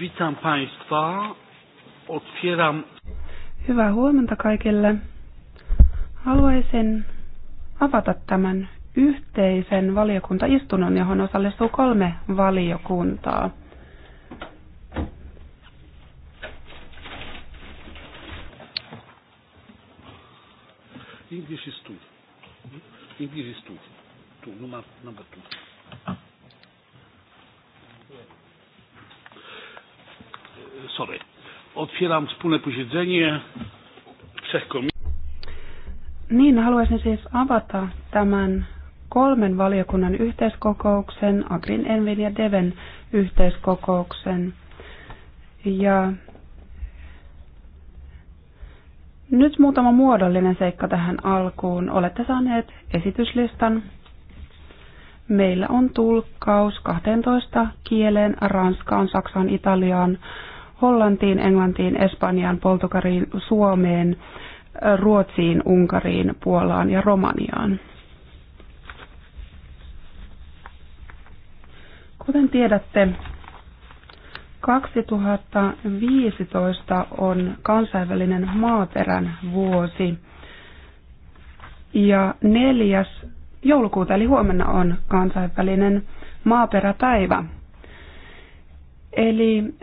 Witam Państwa. Otwieram. Hyvää huomenta kaikille. Haluaisin avata tämän yhteisen valiokuntaistunnon, johon osallistuu kolme valiokuntaa. English is two. English is two. Two, number, number two. sorry. Otwieram wspólne posiedzenie trzech komisji. Niin, haluaisin siis avata tämän kolmen valiokunnan yhteiskokouksen, Agrin, Envin ja Deven yhteiskokouksen. Ja nyt muutama muodollinen seikka tähän alkuun. Olette saaneet esityslistan. Meillä on tulkkaus 12 kieleen, ranskaan, saksaan, italiaan, Hollantiin, Englantiin, Espanjaan, Poltokariin, Suomeen, Ruotsiin, Unkariin, Puolaan ja Romaniaan. Kuten tiedätte, 2015 on kansainvälinen maaperän vuosi ja neljäs joulukuuta eli huomenna on kansainvälinen maaperäpäivä. Eli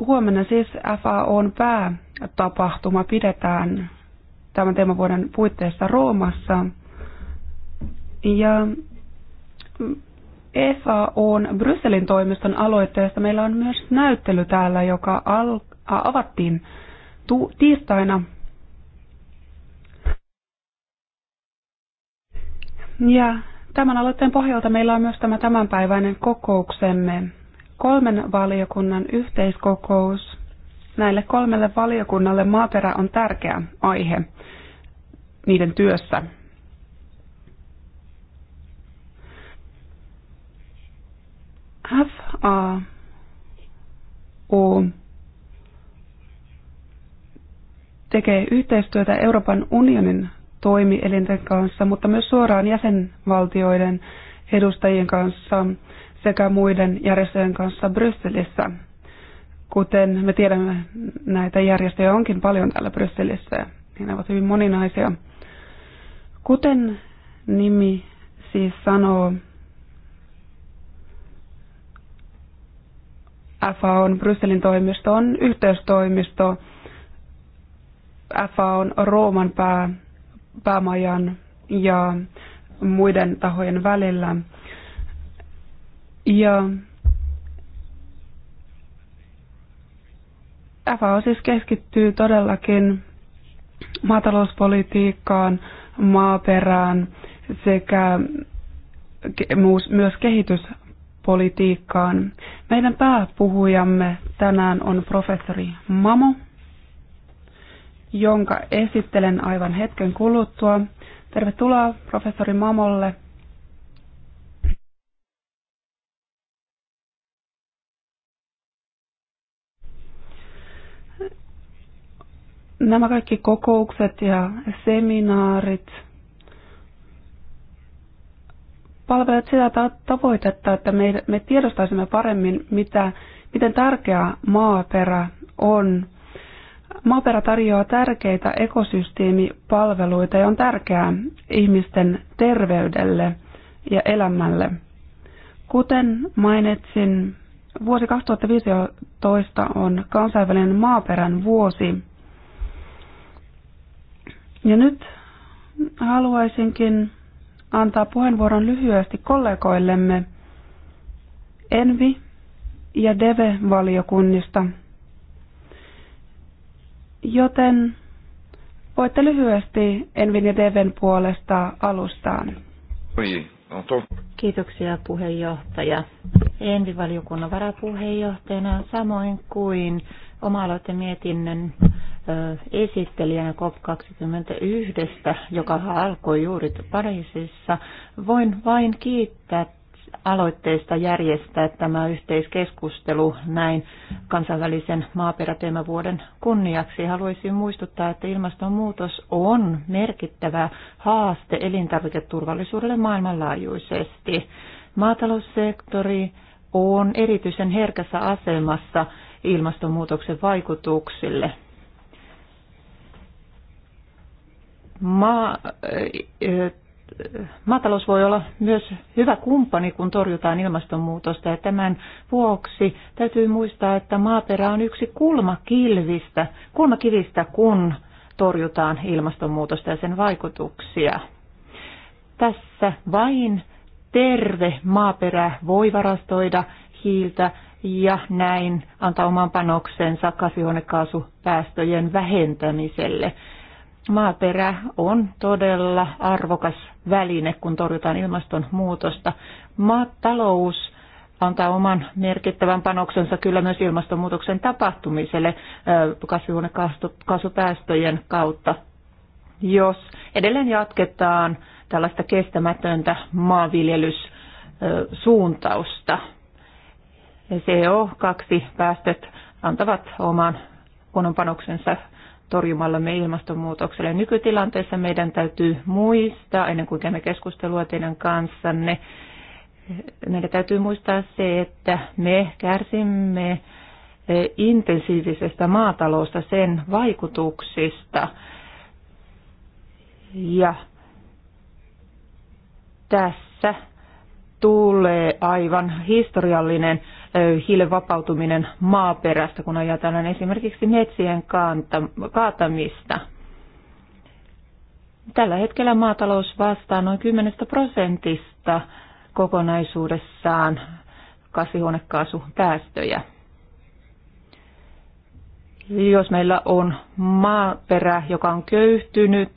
Huomenna siis FAOn päätapahtuma pidetään tämän teemavuoden puitteissa Roomassa. Ja FAOn Brysselin toimiston aloitteesta meillä on myös näyttely täällä, joka al- avattiin tu- tiistaina. Ja tämän aloitteen pohjalta meillä on myös tämä tämänpäiväinen kokouksemme kolmen valiokunnan yhteiskokous. Näille kolmelle valiokunnalle maaperä on tärkeä aihe niiden työssä. FAO tekee yhteistyötä Euroopan unionin toimielinten kanssa, mutta myös suoraan jäsenvaltioiden edustajien kanssa sekä muiden järjestöjen kanssa Brysselissä. Kuten me tiedämme, näitä järjestöjä onkin paljon täällä Brysselissä ja ne ovat hyvin moninaisia. Kuten nimi siis sanoo, FAOn Brysselin toimisto on yhteystoimisto FAOn Rooman pää, päämajan ja muiden tahojen välillä. Ja FAO siis keskittyy todellakin maatalouspolitiikkaan, maaperään sekä myös kehityspolitiikkaan. Meidän pääpuhujamme tänään on professori Mamo, jonka esittelen aivan hetken kuluttua. Tervetuloa professori Mamolle Nämä kaikki kokoukset ja seminaarit palvelevat sitä tavoitetta, että me, tiedostaisimme paremmin, mitä, miten tärkeä maaperä on. Maaperä tarjoaa tärkeitä ekosysteemipalveluita ja on tärkeää ihmisten terveydelle ja elämälle. Kuten mainitsin, vuosi 2015 on kansainvälinen maaperän vuosi. Ja nyt haluaisinkin antaa puheenvuoron lyhyesti kollegoillemme Envi ja Deve-valiokunnista. Joten voitte lyhyesti Envin ja Deven puolesta alustaan. Kiitoksia puheenjohtaja. Envi Envi-valiokunnan varapuheenjohtajana samoin kuin oma aloitemietinnön esittelijänä COP21, joka alkoi juuri Pariisissa. Voin vain kiittää aloitteesta järjestää tämä yhteiskeskustelu näin kansainvälisen maaperäteemavuoden kunniaksi. Haluaisin muistuttaa, että ilmastonmuutos on merkittävä haaste elintarviketurvallisuudelle maailmanlaajuisesti. Maataloussektori on erityisen herkässä asemassa ilmastonmuutoksen vaikutuksille – maa, maatalous voi olla myös hyvä kumppani, kun torjutaan ilmastonmuutosta. Ja tämän vuoksi täytyy muistaa, että maaperä on yksi kulmakilvistä, kulmakivistä, kun torjutaan ilmastonmuutosta ja sen vaikutuksia. Tässä vain terve maaperä voi varastoida hiiltä ja näin antaa oman panoksensa kasvihuonekaasupäästöjen vähentämiselle maaperä on todella arvokas väline, kun torjutaan ilmastonmuutosta. Maatalous antaa oman merkittävän panoksensa kyllä myös ilmastonmuutoksen tapahtumiselle kasvihuonekaasupäästöjen kautta. Jos edelleen jatketaan tällaista kestämätöntä maanviljelyssuuntausta, CO2-päästöt antavat oman kunnon panoksensa torjumallamme ilmastonmuutokselle. Nykytilanteessa meidän täytyy muistaa, ennen kuin käymme keskustelua teidän kanssanne, meidän täytyy muistaa se, että me kärsimme eh, intensiivisestä maatalousta, sen vaikutuksista. Ja tässä tulee aivan historiallinen hiilen vapautuminen maaperästä, kun ajatellaan esimerkiksi metsien kaatamista. Tällä hetkellä maatalous vastaa noin 10 prosentista kokonaisuudessaan kasvihuonekaasupäästöjä. Jos meillä on maaperä, joka on köyhtynyt,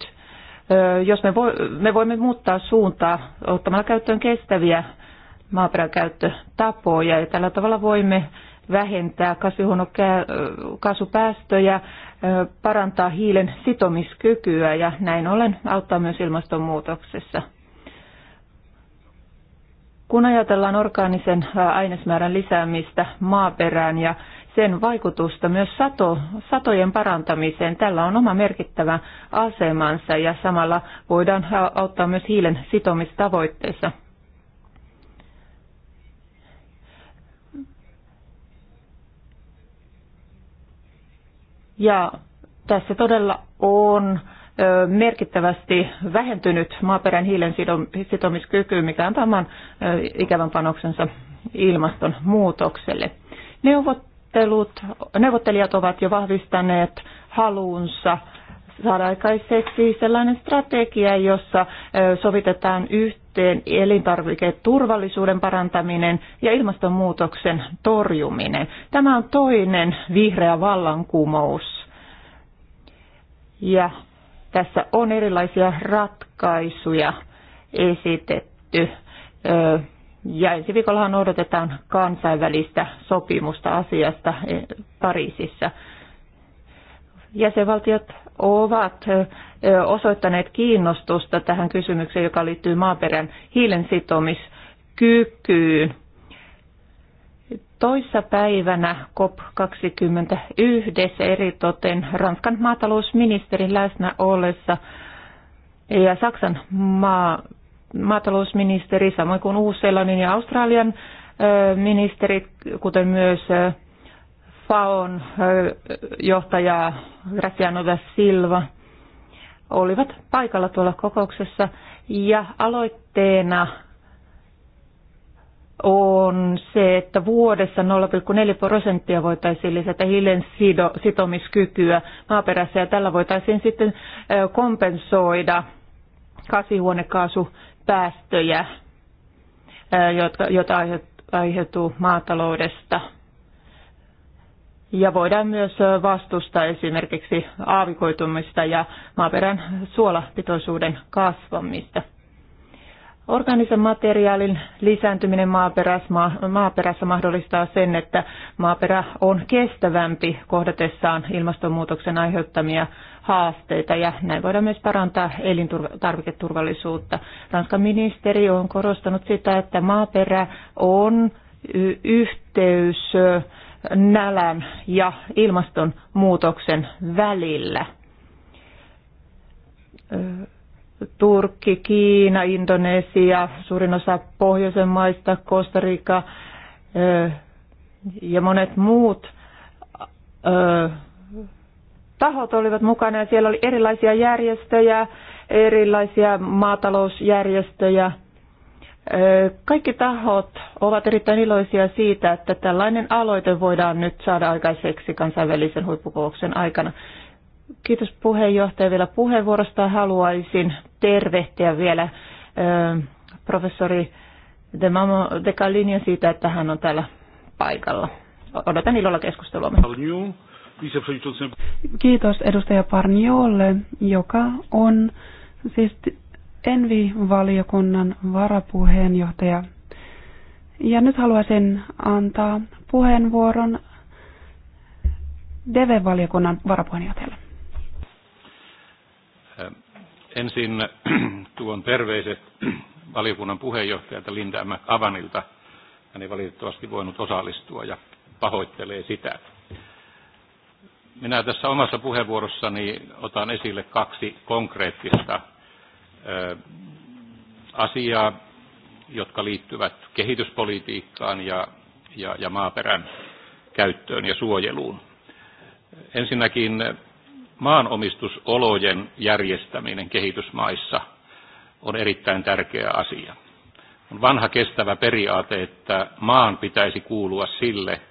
jos me, vo, me voimme muuttaa suuntaa ottamalla käyttöön kestäviä maaperäkäyttötapoja ja tällä tavalla voimme vähentää kasvihuonekaasupäästöjä, parantaa hiilen sitomiskykyä ja näin ollen auttaa myös ilmastonmuutoksessa. Kun ajatellaan orgaanisen ainesmäärän lisäämistä maaperään ja sen vaikutusta myös sato, satojen parantamiseen, tällä on oma merkittävä asemansa ja samalla voidaan auttaa myös hiilen sitomistavoitteissa. Ja tässä todella on merkittävästi vähentynyt maaperän hiilen sitomiskyky, mikä antaa oman ikävän panoksensa ilmastonmuutokselle. Neuvottelut, neuvottelijat ovat jo vahvistaneet haluunsa saada aikaiseksi sellainen strategia, jossa sovitetaan yhteen elintarviketurvallisuuden parantaminen ja ilmastonmuutoksen torjuminen. Tämä on toinen vihreä vallankumous. Ja tässä on erilaisia ratkaisuja esitetty. Ja ensi viikollahan odotetaan kansainvälistä sopimusta asiasta e, Pariisissa. Jäsenvaltiot ovat osoittaneet kiinnostusta tähän kysymykseen, joka liittyy maaperän hiilen sitomiskykyyn. Toissa päivänä COP21 eritoten Ranskan maatalousministerin läsnä ollessa ja Saksan maa, maatalousministeri, samoin kuin Uus-Seelannin ja Australian ministerit, kuten myös FAON johtaja Graciano da Silva olivat paikalla tuolla kokouksessa ja aloitteena on se, että vuodessa 0,4 prosenttia voitaisiin lisätä hiilen sitomiskykyä maaperässä ja tällä voitaisiin sitten kompensoida kasvihuonekaasupäästöjä, joita aiheutuu maataloudesta – ja voidaan myös vastustaa esimerkiksi aavikoitumista ja maaperän suolapitoisuuden kasvamista. Organisen materiaalin lisääntyminen maaperässä, maaperässä mahdollistaa sen, että maaperä on kestävämpi kohdatessaan ilmastonmuutoksen aiheuttamia haasteita ja näin voidaan myös parantaa elintarviketurvallisuutta. Ranskan ministeri on korostanut sitä, että maaperä on yhteys nälän ja ilmastonmuutoksen välillä. Turkki, Kiina, Indonesia, suurin osa pohjoisen maista, Costa Rica ja monet muut tahot olivat mukana ja siellä oli erilaisia järjestöjä, erilaisia maatalousjärjestöjä – kaikki tahot ovat erittäin iloisia siitä, että tällainen aloite voidaan nyt saada aikaiseksi kansainvälisen huippukouksen aikana. Kiitos puheenjohtaja vielä puheenvuorosta. Haluaisin tervehtiä vielä professori De, Mamo De Kalinia siitä, että hän on täällä paikalla. Odotan ilolla keskustelua. Kiitos edustaja Parniolle, joka on siis Envi-valiokunnan varapuheenjohtaja. Ja nyt haluaisin antaa puheenvuoron DV-valiokunnan varapuheenjohtajalle. Ensin tuon terveiset valiokunnan puheenjohtajalta Linda Avanilta. Hän ei valitettavasti voinut osallistua ja pahoittelee sitä. Minä tässä omassa puheenvuorossani otan esille kaksi konkreettista asiaa, jotka liittyvät kehityspolitiikkaan ja, ja, ja maaperän käyttöön ja suojeluun. Ensinnäkin maanomistusolojen järjestäminen kehitysmaissa on erittäin tärkeä asia. On vanha kestävä periaate, että maan pitäisi kuulua sille,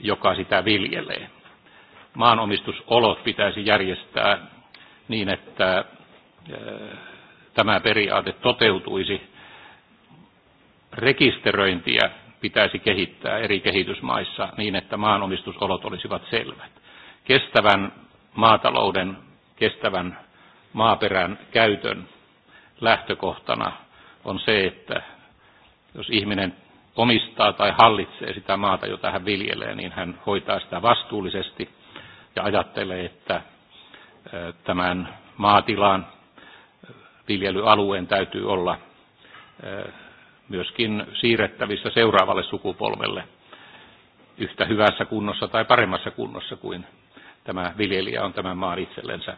joka sitä viljelee. Maanomistusolot pitäisi järjestää niin, että tämä periaate toteutuisi. Rekisteröintiä pitäisi kehittää eri kehitysmaissa niin, että maanomistusolot olisivat selvät. Kestävän maatalouden, kestävän maaperän käytön lähtökohtana on se, että jos ihminen omistaa tai hallitsee sitä maata, jota hän viljelee, niin hän hoitaa sitä vastuullisesti ja ajattelee, että tämän maatilan viljelyalueen täytyy olla eh, myöskin siirrettävissä seuraavalle sukupolvelle yhtä hyvässä kunnossa tai paremmassa kunnossa kuin tämä viljelijä on tämän maan itsellensä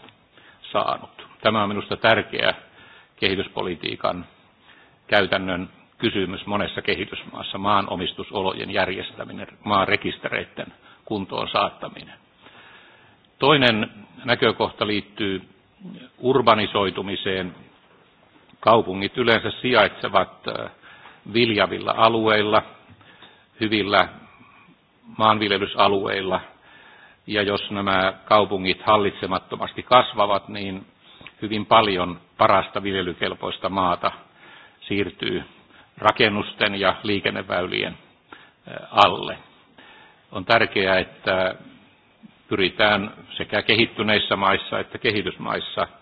saanut. Tämä on minusta tärkeä kehityspolitiikan käytännön kysymys monessa kehitysmaassa, maanomistusolojen järjestäminen, maarekistereiden kuntoon saattaminen. Toinen näkökohta liittyy urbanisoitumiseen Kaupungit yleensä sijaitsevat viljavilla alueilla, hyvillä maanviljelysalueilla, ja jos nämä kaupungit hallitsemattomasti kasvavat, niin hyvin paljon parasta viljelykelpoista maata siirtyy rakennusten ja liikenneväylien alle. On tärkeää, että pyritään sekä kehittyneissä maissa että kehitysmaissa –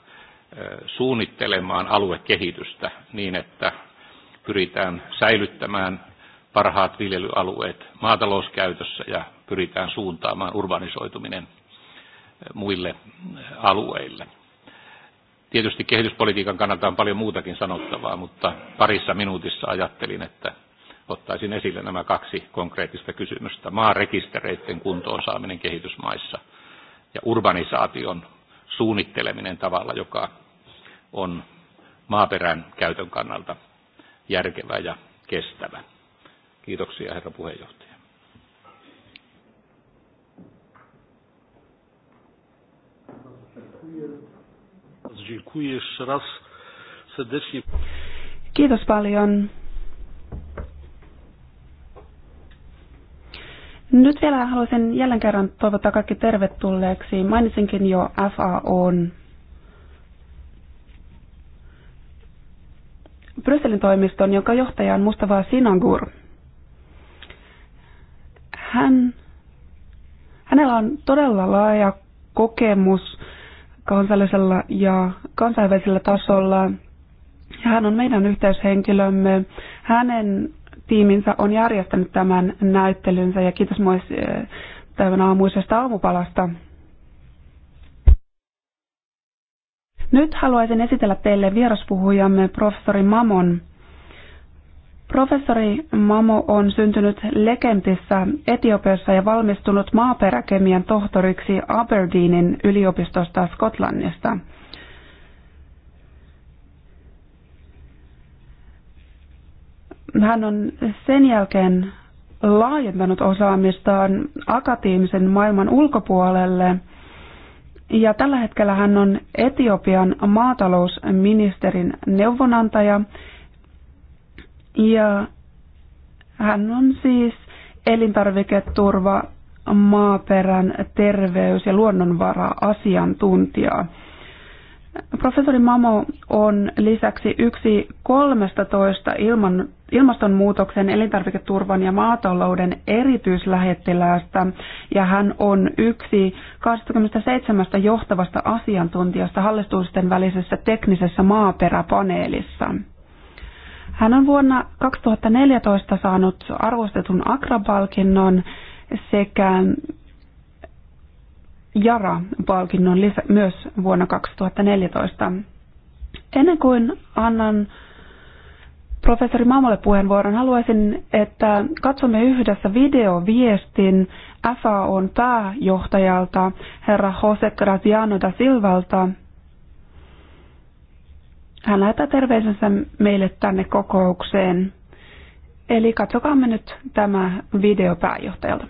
suunnittelemaan aluekehitystä niin, että pyritään säilyttämään parhaat viljelyalueet maatalouskäytössä ja pyritään suuntaamaan urbanisoituminen muille alueille. Tietysti kehityspolitiikan kannalta on paljon muutakin sanottavaa, mutta parissa minuutissa ajattelin, että ottaisin esille nämä kaksi konkreettista kysymystä. Maarekistereiden kuntoon saaminen kehitysmaissa ja urbanisaation suunnitteleminen tavalla, joka on maaperän käytön kannalta järkevä ja kestävä. Kiitoksia herra puheenjohtaja. Kiitos paljon. Nyt vielä haluaisin jälleen kerran toivottaa kaikki tervetulleeksi. Mainitsinkin jo FAOn Brysselin toimiston, jonka johtaja on Mustava Sinangur. Hän, hänellä on todella laaja kokemus kansallisella ja kansainvälisellä tasolla. Hän on meidän yhteyshenkilömme. Hänen tiiminsä on järjestänyt tämän näyttelynsä ja kiitos myös eh, tämän aamuisesta aamupalasta. Nyt haluaisin esitellä teille vieraspuhujamme professori Mamon. Professori Mamo on syntynyt Lekemtissä Etiopiassa ja valmistunut maaperäkemian tohtoriksi Aberdeenin yliopistosta Skotlannista – hän on sen jälkeen laajentanut osaamistaan akateemisen maailman ulkopuolelle. Ja tällä hetkellä hän on Etiopian maatalousministerin neuvonantaja. Ja hän on siis elintarviketurva, maaperän, terveys- ja luonnonvara-asiantuntija. Professori Mamo on lisäksi yksi 13 ilman, ilmastonmuutoksen, elintarviketurvan ja maatalouden erityislähettiläästä ja hän on yksi 27 johtavasta asiantuntijasta hallitusten välisessä teknisessä maaperäpaneelissa. Hän on vuonna 2014 saanut arvostetun Akra-palkinnon sekä Jara-palkinnon lisä, myös vuonna 2014. Ennen kuin annan professori Maamolle puheenvuoron, haluaisin, että katsomme yhdessä videoviestin FAOn pääjohtajalta, herra Jose Graziano da Silvalta. Hän lähettää terveisensä meille tänne kokoukseen. Eli katsokaamme nyt tämä video pääjohtajalta.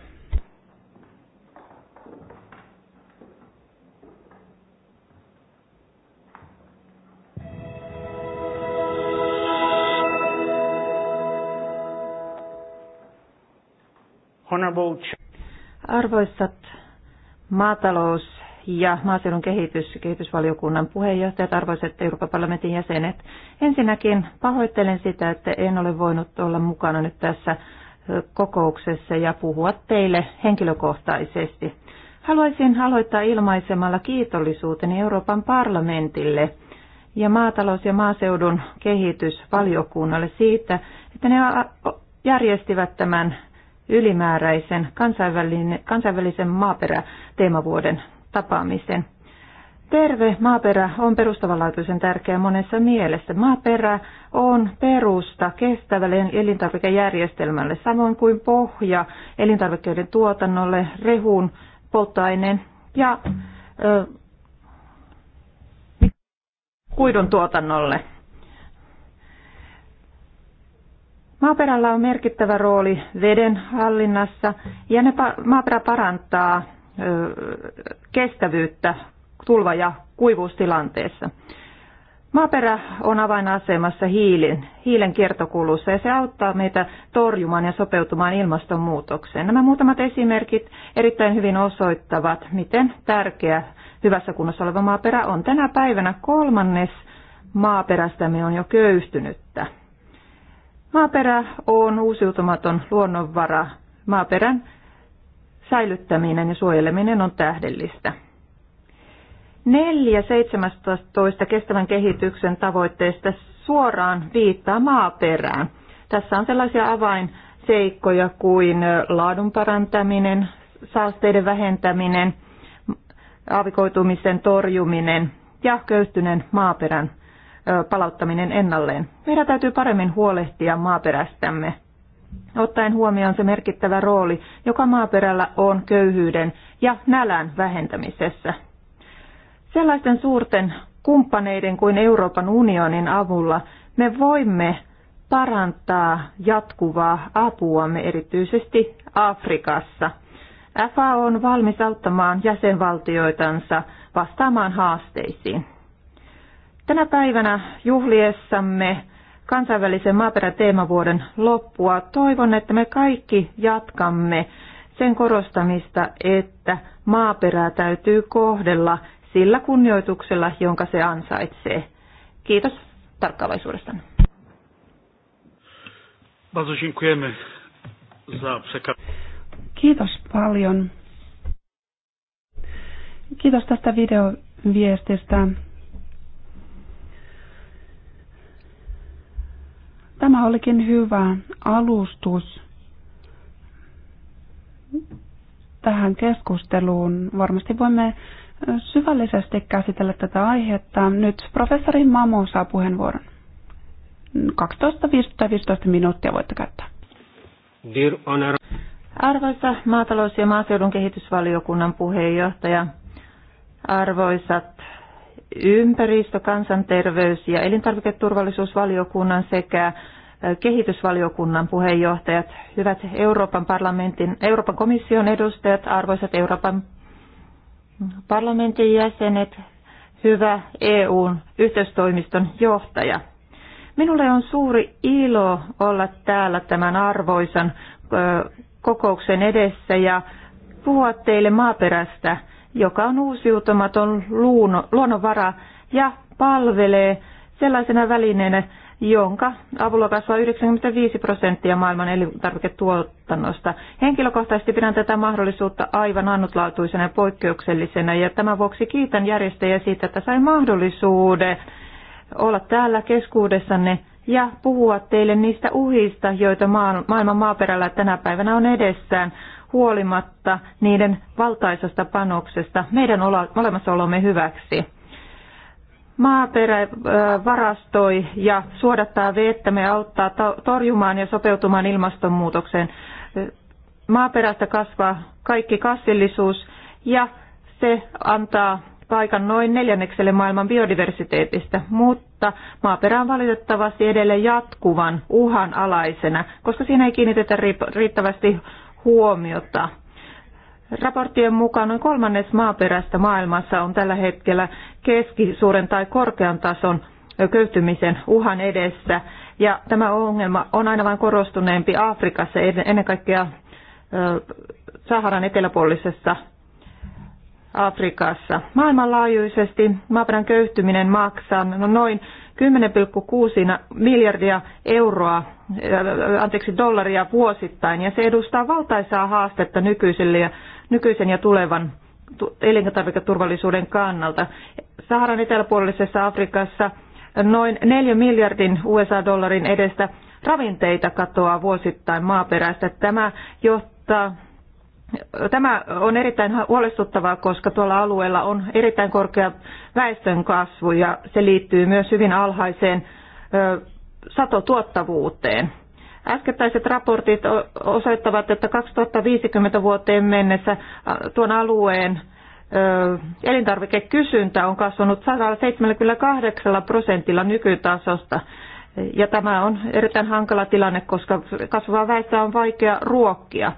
Arvoisat maatalous- ja maaseudun kehitys, kehitysvaliokunnan puheenjohtajat, arvoiset Euroopan parlamentin jäsenet. Ensinnäkin pahoittelen sitä, että en ole voinut olla mukana nyt tässä kokouksessa ja puhua teille henkilökohtaisesti. Haluaisin aloittaa ilmaisemalla kiitollisuuteni Euroopan parlamentille ja maatalous- ja maaseudun kehitysvaliokunnalle siitä, että ne järjestivät tämän ylimääräisen kansainvälisen, kansainvälisen maaperäteemavuoden tapaamisen. Terve maaperä on perustavanlaatuisen tärkeä monessa mielessä. Maaperä on perusta kestävälle elintarvikejärjestelmälle, samoin kuin pohja elintarvikkeiden tuotannolle, rehun, polttoaineen ja ö, kuidun tuotannolle. Maaperällä on merkittävä rooli veden hallinnassa ja ne maaperä parantaa kestävyyttä tulva- ja kuivuustilanteessa. Maaperä on avainasemassa hiilin, hiilen kiertokulussa ja se auttaa meitä torjumaan ja sopeutumaan ilmastonmuutokseen. Nämä muutamat esimerkit erittäin hyvin osoittavat, miten tärkeä hyvässä kunnossa oleva maaperä on. Tänä päivänä kolmannes maaperästämme on jo köyhtynyttä. Maaperä on uusiutumaton luonnonvara. Maaperän säilyttäminen ja suojeleminen on tähdellistä. 4.17. kestävän kehityksen tavoitteista suoraan viittaa maaperään. Tässä on sellaisia avainseikkoja kuin laadun parantaminen, saasteiden vähentäminen, aavikoitumisen torjuminen ja köyhtyneen maaperän palauttaminen ennalleen. Meidän täytyy paremmin huolehtia maaperästämme, ottaen huomioon se merkittävä rooli, joka maaperällä on köyhyyden ja nälän vähentämisessä. Sellaisten suurten kumppaneiden kuin Euroopan unionin avulla me voimme parantaa jatkuvaa apuamme erityisesti Afrikassa. FAO on valmis auttamaan jäsenvaltioitansa vastaamaan haasteisiin. Tänä päivänä juhliessamme kansainvälisen maaperäteemavuoden loppua toivon, että me kaikki jatkamme sen korostamista, että maaperää täytyy kohdella sillä kunnioituksella, jonka se ansaitsee. Kiitos tarkkaavaisuudestanne. Kiitos paljon. Kiitos tästä videoviestistä. Tämä olikin hyvä alustus tähän keskusteluun. Varmasti voimme syvällisesti käsitellä tätä aihetta. Nyt professori Mamo saa puheenvuoron. 12-15 minuuttia voitte käyttää. Dear honor. Arvoisa maatalous- ja maaseudun kehitysvaliokunnan puheenjohtaja, arvoisat ympäristö, kansanterveys ja elintarviketurvallisuusvaliokunnan sekä kehitysvaliokunnan puheenjohtajat, hyvät Euroopan, parlamentin, Euroopan komission edustajat, arvoisat Euroopan parlamentin jäsenet, hyvä EUn yhteistoimiston johtaja. Minulle on suuri ilo olla täällä tämän arvoisan kokouksen edessä ja puhua teille maaperästä – joka on uusiutumaton luonnonvara ja palvelee sellaisena välineenä, jonka avulla kasvaa 95 prosenttia maailman elintarviketuotannosta. Henkilökohtaisesti pidän tätä mahdollisuutta aivan annutlaatuisena ja poikkeuksellisena, ja tämän vuoksi kiitän järjestäjiä siitä, että sain mahdollisuuden olla täällä keskuudessanne ja puhua teille niistä uhista, joita maailman maaperällä tänä päivänä on edessään huolimatta niiden valtaisesta panoksesta meidän olemassaolomme hyväksi. Maaperä varastoi ja suodattaa vettä, me auttaa torjumaan ja sopeutumaan ilmastonmuutokseen. Maaperästä kasvaa kaikki kasvillisuus ja se antaa paikan noin neljännekselle maailman biodiversiteetistä, mutta maaperä on valitettavasti edelleen jatkuvan uhan alaisena, koska siinä ei kiinnitetä riittävästi huomiota. Raporttien mukaan noin kolmannes maaperästä maailmassa on tällä hetkellä keskisuuren tai korkean tason köyhtymisen uhan edessä. Ja tämä ongelma on aina vain korostuneempi Afrikassa, ennen kaikkea Saharan eteläpuolisessa Afrikassa. Maailmanlaajuisesti maaperän köyhtyminen maksaa no noin 10,6 miljardia euroa, äh, anteeksi dollaria vuosittain, ja se edustaa valtaisaa haastetta nykyiselle ja, nykyisen ja tulevan elintarviketurvallisuuden kannalta. Saharan eteläpuolisessa Afrikassa noin 4 miljardin USA-dollarin edestä ravinteita katoaa vuosittain maaperästä. Tämä johtaa Tämä on erittäin huolestuttavaa, koska tuolla alueella on erittäin korkea väestön kasvu ja se liittyy myös hyvin alhaiseen satotuottavuuteen. Äskettäiset raportit osoittavat, että 2050 vuoteen mennessä tuon alueen elintarvikekysyntä on kasvanut 178 prosentilla nykytasosta. Ja tämä on erittäin hankala tilanne, koska kasvavaa väestöä on vaikea ruokkia.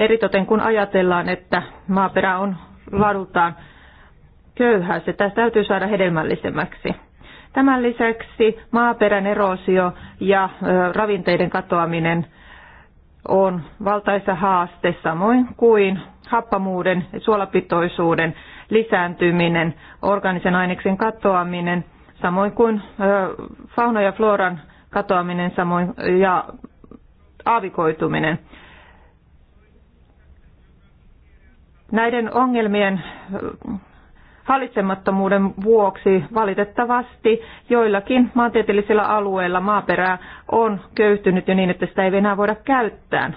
Eritoten kun ajatellaan, että maaperä on laadultaan köyhää, se tästä täytyy saada hedelmällisemmäksi. Tämän lisäksi maaperän erosio ja ravinteiden katoaminen on valtaisa haaste, samoin kuin happamuuden ja suolapitoisuuden lisääntyminen, organisen aineksen katoaminen, samoin kuin fauna ja floran katoaminen samoin ja aavikoituminen. Näiden ongelmien hallitsemattomuuden vuoksi valitettavasti joillakin maantieteellisillä alueilla maaperää on köyhtynyt jo niin, että sitä ei enää voida käyttää.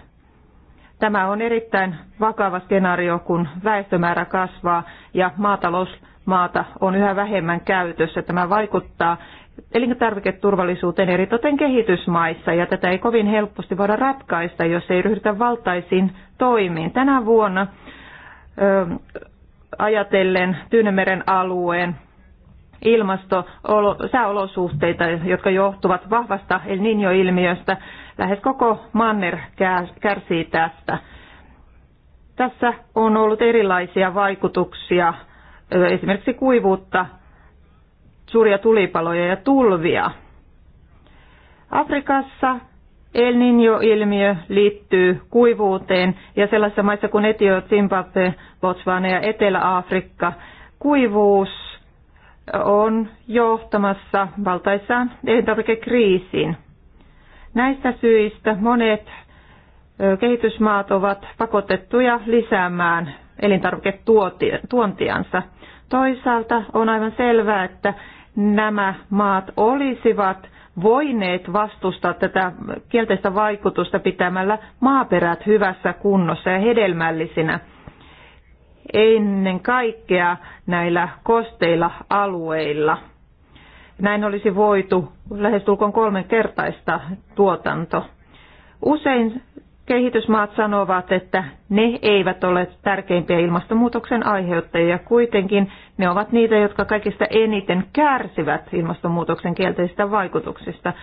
Tämä on erittäin vakava skenaario, kun väestömäärä kasvaa ja maatalousmaata on yhä vähemmän käytössä. Tämä vaikuttaa elintarviketurvallisuuteen eritoten kehitysmaissa ja tätä ei kovin helposti voida ratkaista, jos ei ryhdytä valtaisiin toimiin. Tänä vuonna ajatellen Tyynemeren alueen ilmasto, sääolosuhteita, jotka johtuvat vahvasta El Niño-ilmiöstä. Lähes koko manner kärsii tästä. Tässä on ollut erilaisia vaikutuksia, esimerkiksi kuivuutta, suuria tulipaloja ja tulvia. Afrikassa El Niño-ilmiö liittyy kuivuuteen ja sellaisissa maissa kuin Etio, Zimbabwe, Botswana ja Etelä-Afrikka kuivuus on johtamassa valtaisaan elintarvikekriisiin. Näistä syistä monet kehitysmaat ovat pakotettuja lisäämään elintarviketuontiansa. Toisaalta on aivan selvää, että nämä maat olisivat voineet vastustaa tätä kielteistä vaikutusta pitämällä maaperät hyvässä kunnossa ja hedelmällisinä ennen kaikkea näillä kosteilla alueilla. Näin olisi voitu lähestulkoon kolmenkertaista tuotanto. Usein kehitysmaat sanovat, että ne eivät ole tärkeimpiä ilmastonmuutoksen aiheuttajia. Kuitenkin ne ovat niitä, jotka kaikista eniten kärsivät ilmastonmuutoksen kielteisistä vaikutuksista.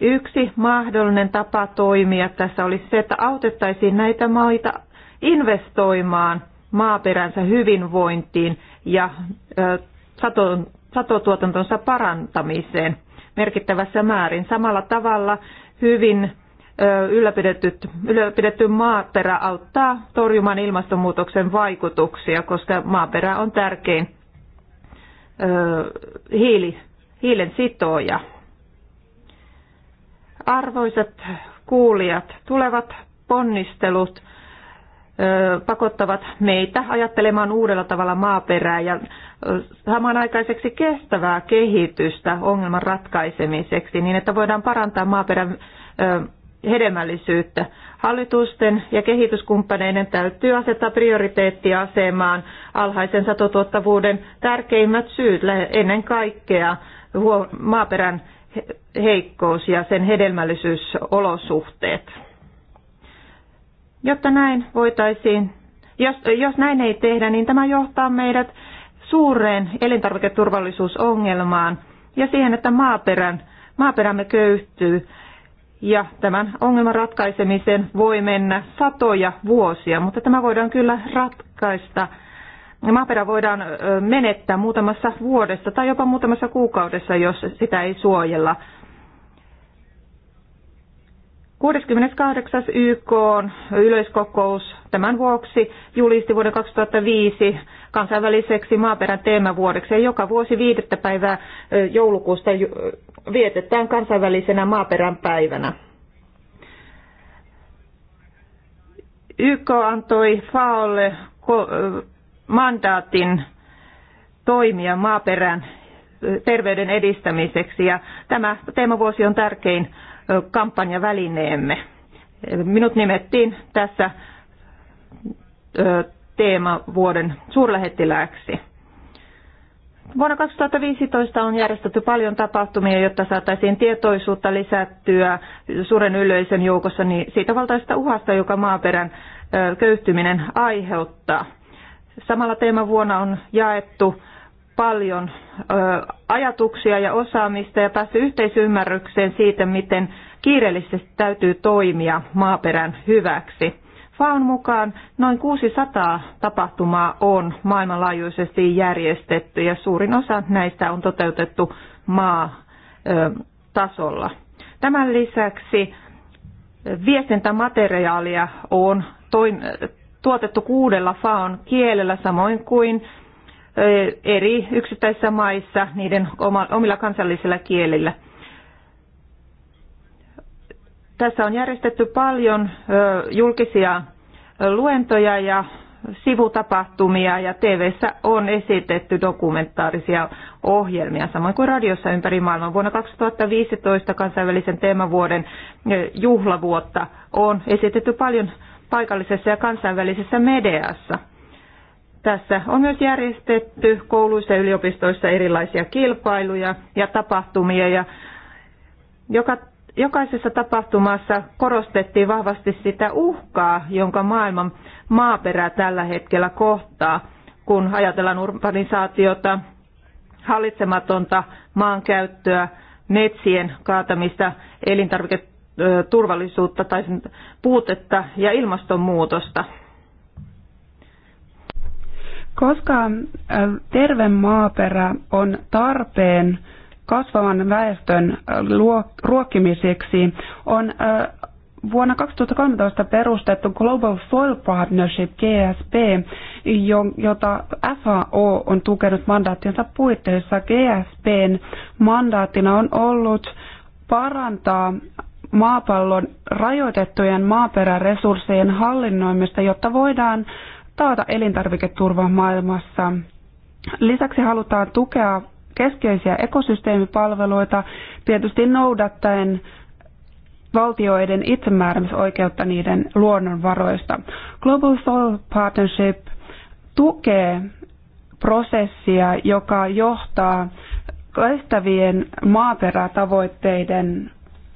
Yksi mahdollinen tapa toimia tässä olisi se, että autettaisiin näitä maita investoimaan maaperänsä hyvinvointiin ja satotuotantonsa parantamiseen merkittävässä määrin. Samalla tavalla hyvin ylläpidetty, ylläpidetty maaperä auttaa torjumaan ilmastonmuutoksen vaikutuksia, koska maaperä on tärkein hiili, hiilen sitoja. Arvoisat kuulijat, tulevat ponnistelut pakottavat meitä ajattelemaan uudella tavalla maaperää ja samanaikaiseksi kestävää kehitystä ongelman ratkaisemiseksi niin, että voidaan parantaa maaperän hedelmällisyyttä. Hallitusten ja kehityskumppaneiden täytyy asettaa prioriteettiasemaan alhaisen satotuottavuuden tärkeimmät syyt, ennen kaikkea maaperän heikkous ja sen hedelmällisyysolosuhteet. Jotta näin voitaisiin, jos, jos näin ei tehdä, niin tämä johtaa meidät suureen elintarviketurvallisuusongelmaan ja siihen, että maaperän, maaperämme köyhtyy ja tämän ongelman ratkaisemiseen voi mennä satoja vuosia, mutta tämä voidaan kyllä ratkaista. Maaperä voidaan menettää muutamassa vuodessa tai jopa muutamassa kuukaudessa, jos sitä ei suojella. 68. YK on yleiskokous tämän vuoksi julisti vuoden 2005 kansainväliseksi maaperän teemavuodeksi ja joka vuosi viidettä päivää joulukuusta vietetään kansainvälisenä maaperän päivänä. YK antoi FAOlle mandaatin toimia maaperän terveyden edistämiseksi ja tämä teemavuosi on tärkein kampanjavälineemme. Minut nimettiin tässä teemavuoden suurlähettilääksi. Vuonna 2015 on järjestetty paljon tapahtumia, jotta saataisiin tietoisuutta lisättyä suuren yleisön joukossa niin siitä valtaista uhasta, joka maaperän köyhtyminen aiheuttaa. Samalla teema vuonna on jaettu paljon ajatuksia ja osaamista ja päästy yhteisymmärrykseen siitä, miten kiireellisesti täytyy toimia maaperän hyväksi. FAUN mukaan noin 600 tapahtumaa on maailmanlaajuisesti järjestetty ja suurin osa näistä on toteutettu maatasolla. Tämän lisäksi viestintämateriaalia on tuotettu kuudella FAON kielellä samoin kuin eh, eri yksittäisissä maissa niiden omilla kansallisilla kielillä – tässä on järjestetty paljon julkisia luentoja ja sivutapahtumia ja tv on esitetty dokumentaarisia ohjelmia, samoin kuin radiossa ympäri maailmaa. Vuonna 2015 kansainvälisen teemavuoden juhlavuotta on esitetty paljon paikallisessa ja kansainvälisessä mediassa. Tässä on myös järjestetty kouluissa ja yliopistoissa erilaisia kilpailuja ja tapahtumia ja joka Jokaisessa tapahtumassa korostettiin vahvasti sitä uhkaa, jonka maailman maaperä tällä hetkellä kohtaa, kun ajatellaan urbanisaatiota, hallitsematonta maankäyttöä, metsien kaatamista, elintarviketurvallisuutta tai sen puutetta ja ilmastonmuutosta. Koska terve maaperä on tarpeen kasvavan väestön ruokkimiseksi on vuonna 2013 perustettu Global Soil Partnership GSP, jota FAO on tukenut mandaattinsa puitteissa. GSPn mandaattina on ollut parantaa maapallon rajoitettujen maaperäresurssien hallinnoimista, jotta voidaan taata elintarviketurva maailmassa. Lisäksi halutaan tukea keskeisiä ekosysteemipalveluita, tietysti noudattaen valtioiden itsemääräämisoikeutta niiden luonnonvaroista. Global Soil Partnership tukee prosessia, joka johtaa kestävien maaperätavoitteiden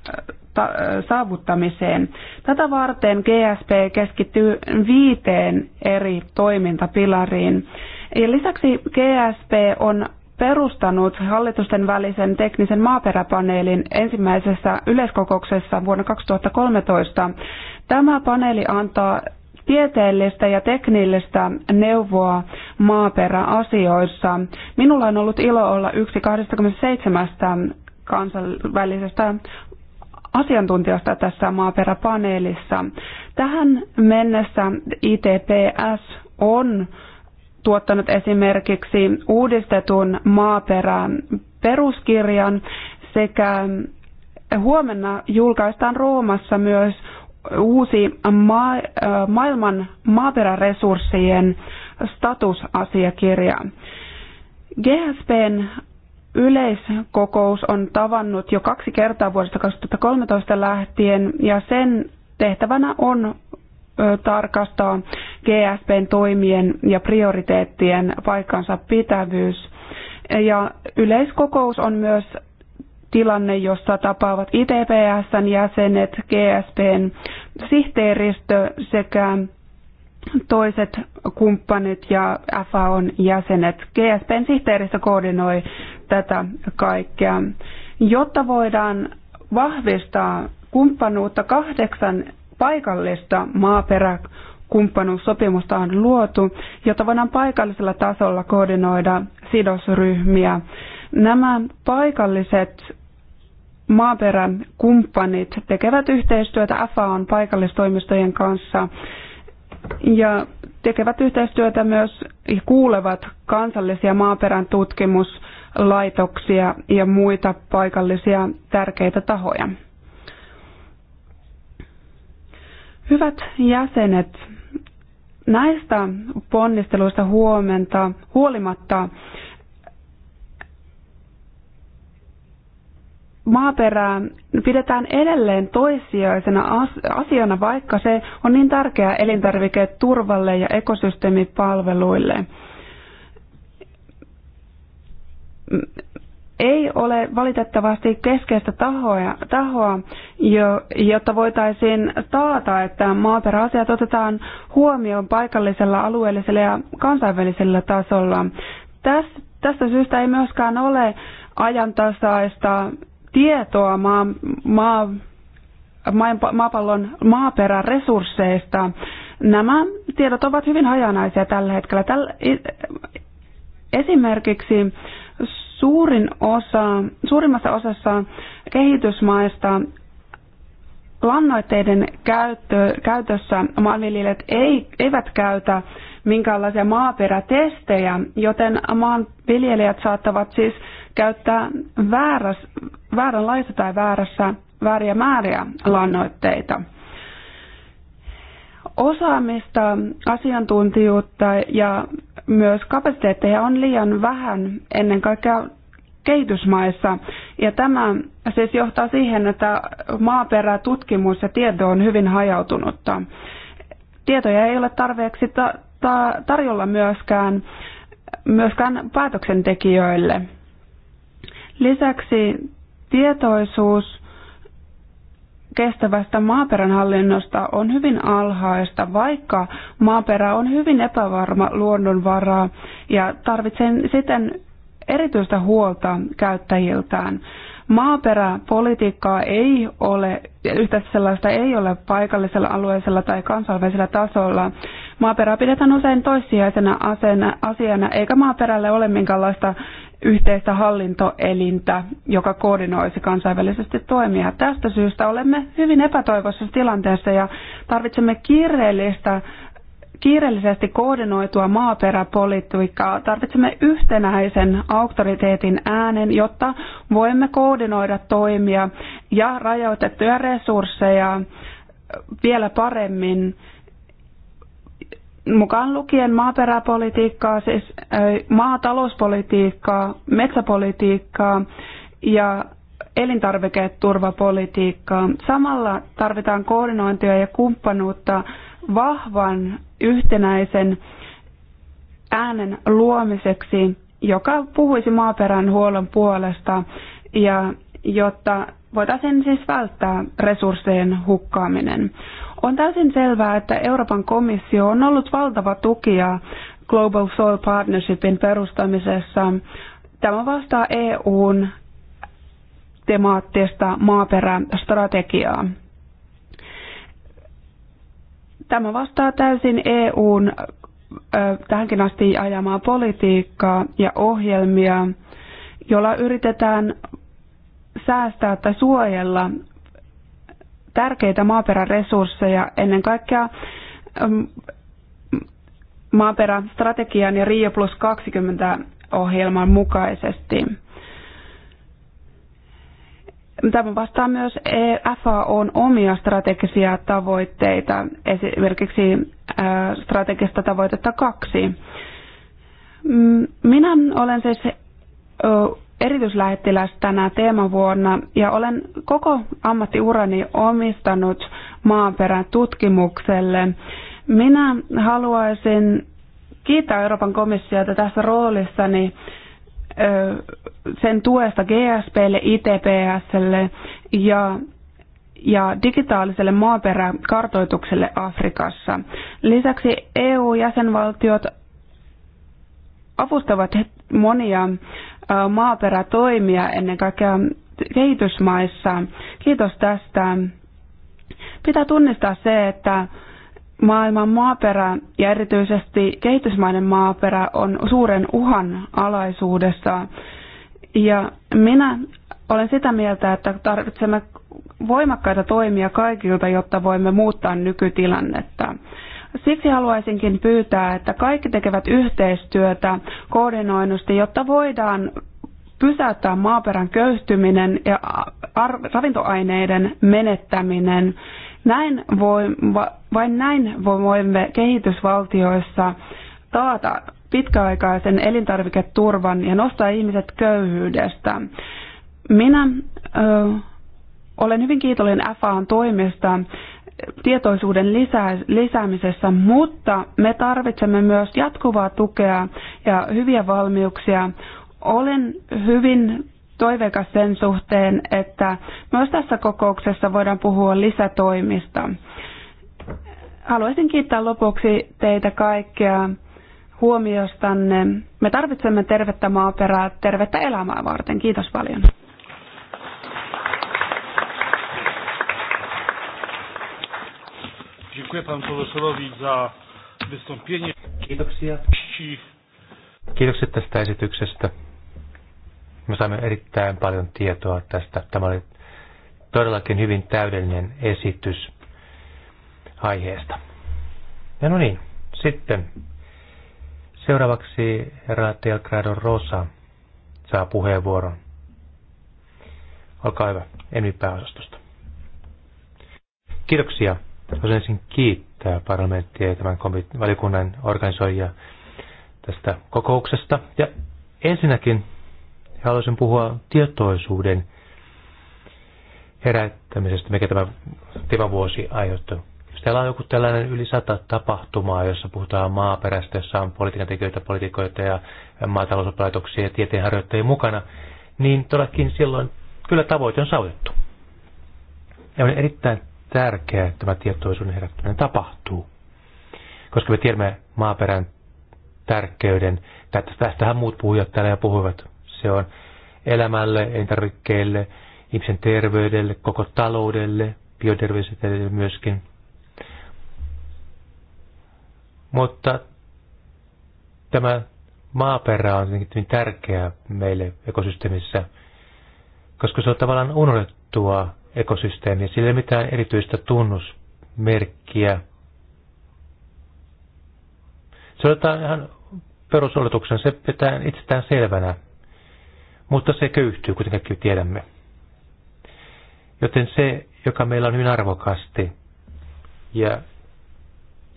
äh, äh, saavuttamiseen. Tätä varten GSP keskittyy viiteen eri toimintapilariin. Ja lisäksi GSP on perustanut hallitusten välisen teknisen maaperäpaneelin ensimmäisessä yleiskokouksessa vuonna 2013. Tämä paneeli antaa tieteellistä ja teknillistä neuvoa maaperäasioissa. Minulla on ollut ilo olla yksi 27 kansainvälisestä asiantuntijasta tässä maaperäpaneelissa. Tähän mennessä ITPS on tuottanut esimerkiksi uudistetun maaperän peruskirjan sekä huomenna julkaistaan Roomassa myös uusi ma- maailman maaperäresurssien statusasiakirja. GSPn yleiskokous on tavannut jo kaksi kertaa vuodesta 2013 lähtien ja sen tehtävänä on tarkastaa GSPn toimien ja prioriteettien paikkansa pitävyys. Ja yleiskokous on myös tilanne, jossa tapaavat ITPSn jäsenet, GSPn sihteeristö sekä toiset kumppanit ja FAOn jäsenet. GSPn sihteeristö koordinoi tätä kaikkea. Jotta voidaan vahvistaa kumppanuutta kahdeksan paikallista maaperä kumppanuussopimusta on luotu, jotta voidaan paikallisella tasolla koordinoida sidosryhmiä. Nämä paikalliset maaperän kumppanit tekevät yhteistyötä FAOn paikallistoimistojen kanssa ja tekevät yhteistyötä myös ja kuulevat kansallisia maaperän tutkimuslaitoksia ja muita paikallisia tärkeitä tahoja. Hyvät jäsenet, Näistä ponnisteluista huomenta, huolimatta maaperää pidetään edelleen toissijaisena asiana, vaikka se on niin tärkeä turvalle ja ekosysteemipalveluille ei ole valitettavasti keskeistä tahoa, tahoa jo, jotta voitaisiin taata, että maaperäasiat otetaan huomioon paikallisella, alueellisella ja kansainvälisellä tasolla. Tästä, tästä syystä ei myöskään ole ajantasaista tietoa maa, maa, maapallon maaperäresursseista. Nämä tiedot ovat hyvin hajanaisia tällä hetkellä. Täl, esimerkiksi Suurin osa, suurimmassa osassa kehitysmaista lannoitteiden käyttö, käytössä maanviljelijät ei, eivät käytä minkäänlaisia maaperätestejä, joten maanviljelijät saattavat siis käyttää vääräs, vääränlaista tai väärässä, vääriä määriä lannoitteita. Osaamista, asiantuntijuutta ja myös kapasiteetteja on liian vähän ennen kaikkea kehitysmaissa. Ja tämä siis johtaa siihen, että maaperätutkimus ja tieto on hyvin hajautunutta. Tietoja ei ole tarpeeksi ta- ta- tarjolla myöskään, myöskään päätöksentekijöille. Lisäksi tietoisuus kestävästä maaperän hallinnosta on hyvin alhaista, vaikka maaperä on hyvin epävarma luonnonvaraa ja tarvitsee siten erityistä huolta käyttäjiltään. Maaperäpolitiikkaa ei ole, yhtä sellaista ei ole paikallisella alueella tai kansainvälisellä tasolla. Maaperää pidetään usein toissijaisena asiana, eikä maaperälle ole minkäänlaista yhteistä hallintoelintä, joka koordinoisi kansainvälisesti toimia. Tästä syystä olemme hyvin epätoivoisessa tilanteessa ja tarvitsemme kiireellistä kiireellisesti koordinoitua maaperäpolitiikkaa. Tarvitsemme yhtenäisen auktoriteetin äänen, jotta voimme koordinoida toimia ja rajoitettuja resursseja vielä paremmin mukaan lukien maaperäpolitiikkaa, siis maatalouspolitiikkaa, metsäpolitiikkaa ja elintarviketurvapolitiikkaa. Samalla tarvitaan koordinointia ja kumppanuutta vahvan yhtenäisen äänen luomiseksi, joka puhuisi maaperän huollon puolesta ja jotta voitaisiin siis välttää resurssien hukkaaminen. On täysin selvää, että Euroopan komissio on ollut valtava tukija Global Soil Partnershipin perustamisessa. Tämä vastaa EUn temaattista maaperästrategiaa. Tämä vastaa täysin EUn tähänkin asti ajamaa politiikkaa ja ohjelmia, jolla yritetään säästää tai suojella tärkeitä maaperän resursseja, ennen kaikkea mm, maaperästrategian ja Rio Plus 20 ohjelman mukaisesti. Tämä vastaa myös e FAOn omia strategisia tavoitteita, esimerkiksi strategista tavoitetta kaksi. Mm, minä olen siis erityislähettiläs tänä teemavuonna ja olen koko ammattiurani omistanut tutkimukselle. Minä haluaisin kiittää Euroopan komissiota tässä roolissani sen tuesta GSPlle, ITPSlle ja, ja digitaaliselle maaperäkartoitukselle Afrikassa. Lisäksi EU-jäsenvaltiot avustavat monia maaperätoimia ennen kaikkea kehitysmaissa. Kiitos tästä. Pitää tunnistaa se, että maailman maaperä ja erityisesti kehitysmainen maaperä on suuren uhan alaisuudessa. Ja minä olen sitä mieltä, että tarvitsemme voimakkaita toimia kaikilta, jotta voimme muuttaa nykytilannetta. Siksi haluaisinkin pyytää, että kaikki tekevät yhteistyötä koordinoinnusti, jotta voidaan pysäyttää maaperän köyhtyminen ja ravintoaineiden menettäminen. Näin voi, vain näin voimme kehitysvaltioissa taata pitkäaikaisen elintarviketurvan ja nostaa ihmiset köyhyydestä. Minä ö, olen hyvin kiitollinen FAan toimista tietoisuuden lisä, lisäämisessä, mutta me tarvitsemme myös jatkuvaa tukea ja hyviä valmiuksia. Olen hyvin toiveikas sen suhteen, että myös tässä kokouksessa voidaan puhua lisätoimista. Haluaisin kiittää lopuksi teitä kaikkia huomiostanne. Me tarvitsemme tervettä maaperää, tervettä elämää varten. Kiitos paljon. Dziękuję panu profesorowi za wystąpienie. Kiitoksia. Kiitokset tästä esityksestä. Me saimme erittäin paljon tietoa tästä. Tämä oli todellakin hyvin täydellinen esitys aiheesta. Ja no niin, sitten seuraavaksi herra Telgrado Rosa saa puheenvuoron. Olkaa hyvä, Emi pääosastosta. Kiitoksia osaisin kiittää parlamenttia ja tämän valiokunnan organisoijia tästä kokouksesta. Ja ensinnäkin haluaisin puhua tietoisuuden herättämisestä, mikä tämä, tämä vuosi aiheuttaa. Jos täällä on joku tällainen yli sata tapahtumaa, jossa puhutaan maaperästä, jossa on politiikan tekijöitä, poliitikoita ja maatalousoppilaitoksia ja tieteenharjoittajia mukana, niin todellakin silloin kyllä tavoite on saavutettu. Ja on erittäin tärkeää, että tämä tietoisuuden herättäminen tapahtuu. Koska me tiedämme maaperän tärkeyden. Tästähän muut puhujat täällä jo puhuivat. Se on elämälle, elintarvikkeille, ihmisen terveydelle, koko taloudelle, bioterveysetelille myöskin. Mutta tämä maaperä on hyvin tärkeä meille ekosysteemissä, koska se on tavallaan unohdettua ekosysteemiä. Sillä ei ole mitään erityistä tunnusmerkkiä. Se otetaan ihan perusoletuksen, se pitää itsestään selvänä, mutta se köyhtyy, kuten kaikki tiedämme. Joten se, joka meillä on hyvin arvokasti, ja,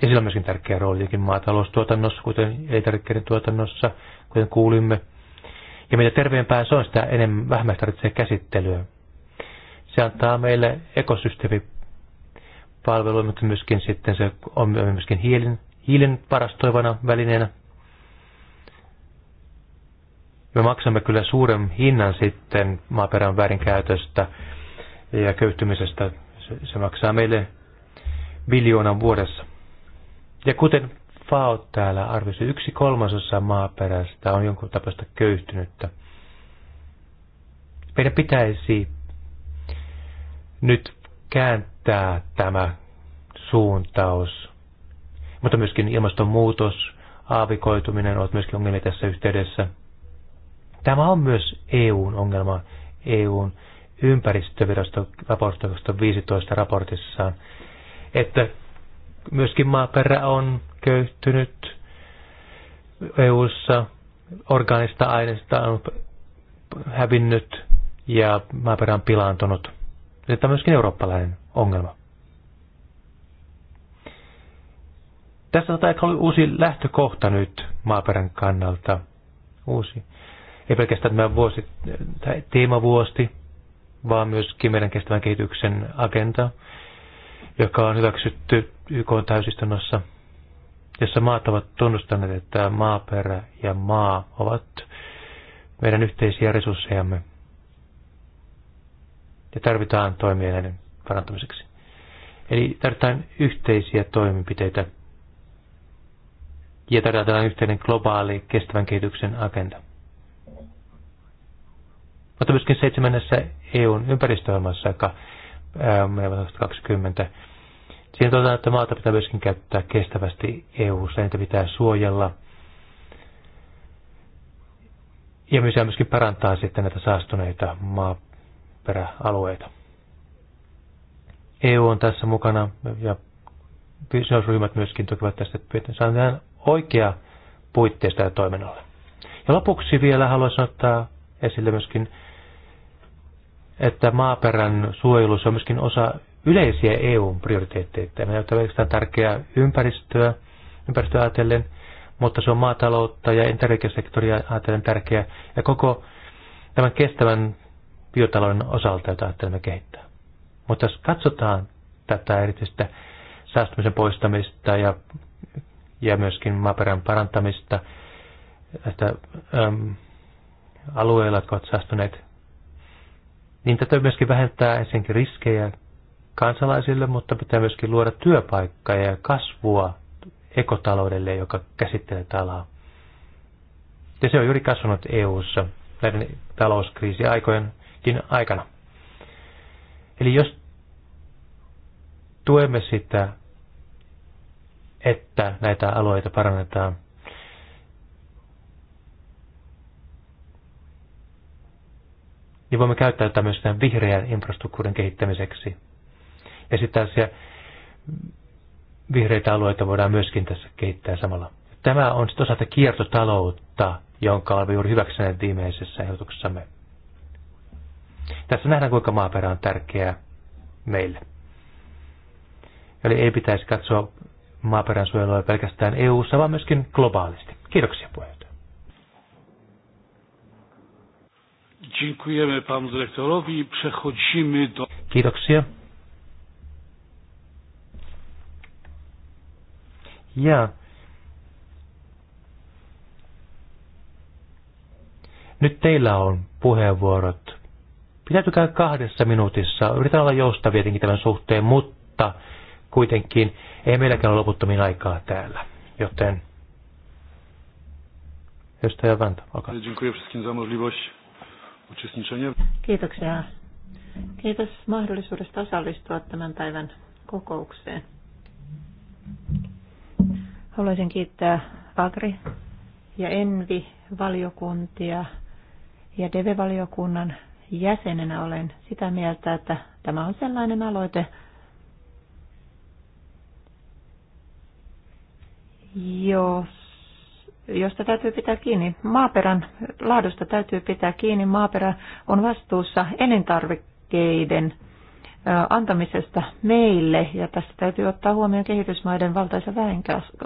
ja sillä on myöskin tärkeä rooli jokin maataloustuotannossa, kuten elintarvikkeiden tuotannossa, kuten kuulimme. Ja mitä terveempää se on, sitä enemmän, vähemmän tarvitsee käsittelyä. Se antaa meille ekosysteemipalveluja, mutta myöskin sitten se on myöskin hiilin, hiilin parastoivana välineenä. Me maksamme kyllä suuren hinnan sitten maaperän väärinkäytöstä ja köyhtymisestä. Se, se maksaa meille biljoonan vuodessa. Ja kuten FAO täällä arvioi, yksi kolmasosa maaperästä on jonkun tapasta köyhtynyttä. Meidän pitäisi nyt kääntää tämä suuntaus. Mutta myöskin ilmastonmuutos, aavikoituminen ovat myöskin ongelmia tässä yhteydessä. Tämä on myös EUn ongelma. EUn ympäristövirasto raportti 2015 raportissaan, että myöskin maaperä on köyhtynyt EUssa, orgaanista aineista on hävinnyt ja maaperä on pilaantunut että on myöskin eurooppalainen ongelma. Tässä on aika uusi lähtökohta nyt maaperän kannalta. Uusi. Ei pelkästään tämä vuosi, tai teemavuosti, vaan myöskin meidän kestävän kehityksen agenda, joka on hyväksytty YK täysistunnossa, jossa maat ovat tunnustaneet, että maaperä ja maa ovat meidän yhteisiä resurssejamme ja tarvitaan toimia näiden parantamiseksi. Eli tarvitaan yhteisiä toimenpiteitä ja tarvitaan tällainen yhteinen globaali kestävän kehityksen agenda. Mutta myöskin seitsemännessä EUn ympäristöohjelmassa, joka menee 2020, siinä todetaan, että maata pitää myöskin käyttää kestävästi EU-ssa, niitä pitää suojella – ja myös myöskin parantaa sitten näitä saastuneita maa, maaperäalueita. EU on tässä mukana ja bisnesryhmät myöskin tukevat tästä, että saadaan oikea puitteista ja toiminnalle. Ja lopuksi vielä haluaisin ottaa esille myöskin, että maaperän suojelu on myöskin osa yleisiä EUn prioriteetteita. Me näyttää tärkeää ympäristöä, ympäristöä ajatellen, mutta se on maataloutta ja elintarvikesektoria ajatellen tärkeää. Ja koko tämän kestävän biotalouden osalta, jota ajattelemme kehittää. Mutta jos katsotaan tätä erityistä saastumisen poistamista ja, ja myöskin maaperän parantamista että, äm, alueilla, jotka ovat saastuneet, niin tätä myöskin vähentää ensinnäkin riskejä kansalaisille, mutta pitää myöskin luoda työpaikkaa ja kasvua ekotaloudelle, joka käsittelee talaa. Ja se on juuri kasvanut EU-ssa näiden talouskriisiaikojen aikana. Eli jos tuemme sitä, että näitä alueita parannetaan, niin voimme käyttää tätä myös tämän vihreän infrastruktuurin kehittämiseksi. Ja sitten tässä vihreitä alueita voidaan myöskin tässä kehittää samalla. Tämä on sitten osa kiertotaloutta, jonka olemme juuri hyväksyneet viimeisessä ehdotuksessamme. Tässä nähdään, kuinka maaperä on tärkeää meille. Eli ei pitäisi katsoa maaperän suojelua pelkästään EU-ssa, vaan myöskin globaalisti. Kiitoksia puheenjohtaja. Kiitoksia. Ja nyt teillä on puheenvuorot Pitäytykää kahdessa minuutissa. Yritän olla joustavia tämän suhteen, mutta kuitenkin ei meilläkään ole loputtomiin aikaa täällä. Joten edustaja Vanta, olkaa. Dziękuję wszystkim za możliwość uczestniczenia. Kiitoksia. Kiitos mahdollisuudesta osallistua tämän päivän kokoukseen. Haluaisin kiittää Agri ja Envi-valiokuntia ja DEVE-valiokunnan jäsenenä olen sitä mieltä, että tämä on sellainen aloite, jos, josta täytyy pitää kiinni. Maaperän laadusta täytyy pitää kiinni. Maaperä on vastuussa elintarvikkeiden antamisesta meille, ja tässä täytyy ottaa huomioon kehitysmaiden valtaisa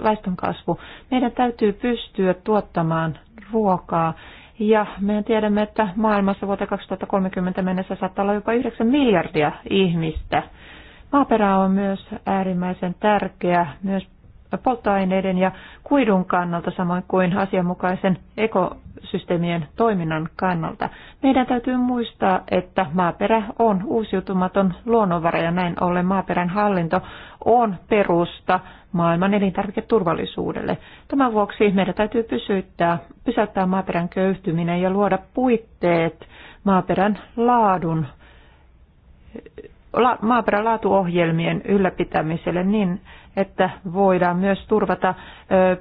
väestönkasvu. Meidän täytyy pystyä tuottamaan ruokaa ja me tiedämme, että maailmassa vuoteen 2030 mennessä saattaa olla jopa 9 miljardia ihmistä. Maaperä on myös äärimmäisen tärkeä myös polttoaineiden ja kuidun kannalta, samoin kuin asianmukaisen eko, ekosysteemien toiminnan kannalta. Meidän täytyy muistaa, että maaperä on uusiutumaton luonnonvara ja näin ollen maaperän hallinto on perusta maailman elintarviketurvallisuudelle. Tämän vuoksi meidän täytyy pysyttää, pysäyttää maaperän köyhtyminen ja luoda puitteet maaperän laadun maaperän laatuohjelmien ylläpitämiselle niin, että voidaan myös turvata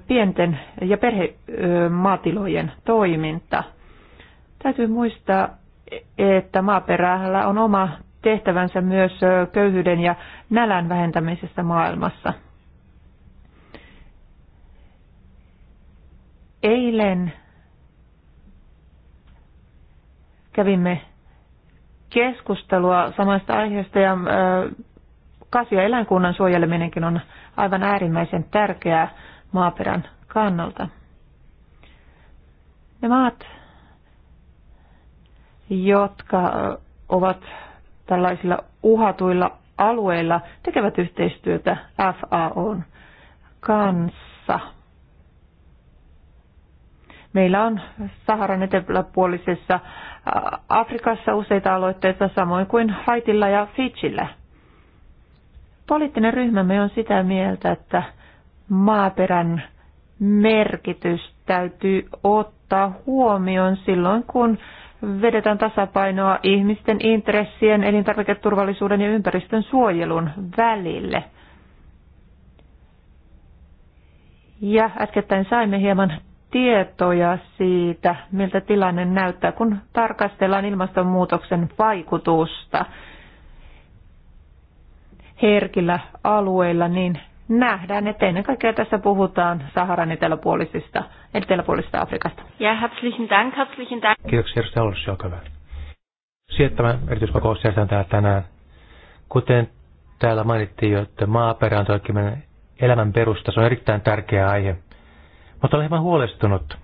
pienten ja perhemaatilojen toiminta. Täytyy muistaa, että maaperällä on oma tehtävänsä myös köyhyyden ja nälän vähentämisessä maailmassa. Eilen kävimme keskustelua samasta aiheesta ja kasvi- ja eläinkunnan suojeleminenkin on aivan äärimmäisen tärkeää maaperän kannalta. Ne maat, jotka ovat tällaisilla uhatuilla alueilla, tekevät yhteistyötä FAOn kanssa. Meillä on Saharan eteläpuolisessa Afrikassa useita aloitteita, samoin kuin Haitilla ja Fitchillä – Poliittinen ryhmämme on sitä mieltä, että maaperän merkitys täytyy ottaa huomioon silloin, kun vedetään tasapainoa ihmisten intressien, elintarviketurvallisuuden ja ympäristön suojelun välille. Ja äskettäin saimme hieman tietoja siitä, miltä tilanne näyttää, kun tarkastellaan ilmastonmuutoksen vaikutusta herkillä alueilla, niin nähdään, että ennen kaikkea tässä puhutaan Saharan eteläpuolisista, eteläpuolisista Afrikasta. Ja herzlichen dank, herzlichen dank. Kiitoksia, edustaja Olssi, olkaa hyvä. Siettämä erityiskokous järjestetään täällä tänään. Kuten täällä mainittiin jo, että maaperä on toikin elämän perusta. Se on erittäin tärkeä aihe. Mutta olen hieman huolestunut.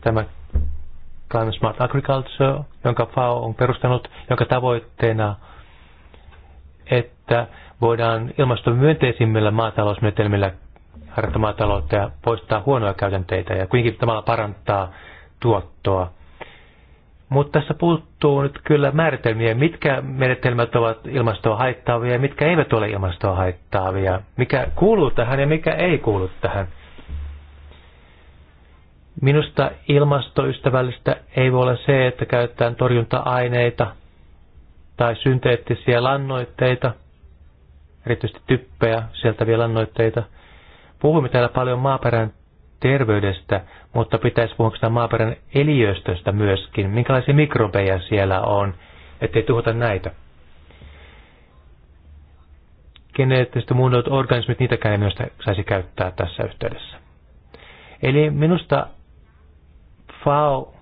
Tämä Climate Smart Agriculture, jonka FAO on perustanut, jonka tavoitteena että voidaan ilmastomyönteisimmillä maatalousmenetelmillä harjoittaa maataloutta ja poistaa huonoja käytänteitä ja kuitenkin tavalla parantaa tuottoa. Mutta tässä puuttuu nyt kyllä määritelmiä, mitkä menetelmät ovat ilmastoa haittaavia ja mitkä eivät ole ilmastoa haittaavia. Mikä kuuluu tähän ja mikä ei kuulu tähän. Minusta ilmastoystävällistä ei voi olla se, että käytetään torjunta-aineita – tai synteettisiä lannoitteita, erityisesti typpeä, sieltäviä lannoitteita. Puhumme täällä paljon maaperän terveydestä, mutta pitäisi puhua sitä maaperän eliöstöstä myöskin, minkälaisia mikrobeja siellä on, ettei tuhota näitä. Geneettisesti muunnellut organismit, niitäkään ei minusta saisi käyttää tässä yhteydessä. Eli minusta FAO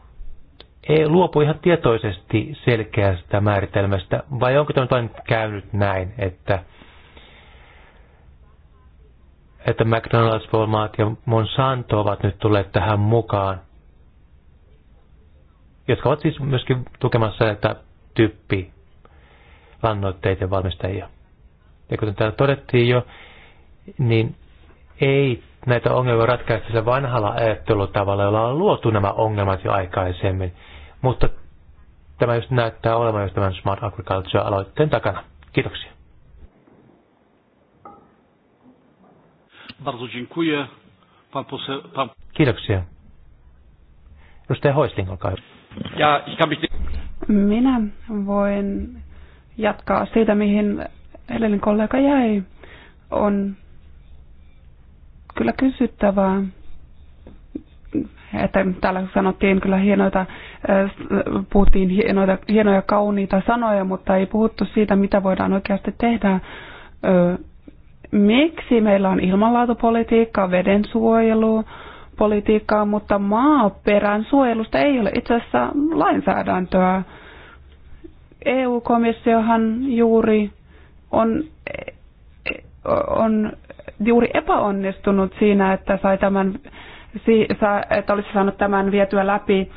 ei luopu ihan tietoisesti selkeästä määritelmästä, vai onko tämä vain käynyt näin, että, että McDonald's, Walmart ja Monsanto ovat nyt tulleet tähän mukaan, jotka ovat siis myöskin tukemassa näitä typpi lannoitteiden valmistajia. Ja kuten täällä todettiin jo, niin ei näitä ongelmia ratkaista sillä vanhalla ajattelutavalla, jolla on luotu nämä ongelmat jo aikaisemmin. Mutta tämä just näyttää olevan just tämän Smart Agriculture-aloitteen takana. Kiitoksia. Bardzo dziękuję. Pan pan... Kiitoksia. Edustaja Hoisling, olkaa hyvä. Ja, Minä voin jatkaa siitä, mihin edellinen kollega jäi. On kyllä kysyttävää, että täällä sanottiin kyllä hienoita puhuttiin hienoja, hienoja kauniita sanoja, mutta ei puhuttu siitä, mitä voidaan oikeasti tehdä. Miksi meillä on ilmanlaatupolitiikkaa, vedensuojelua, politiikkaa, mutta maaperän suojelusta ei ole itse asiassa lainsäädäntöä. EU-komissiohan juuri on, e, on juuri epäonnistunut siinä, että sai tämän että olisi saanut tämän vietyä läpi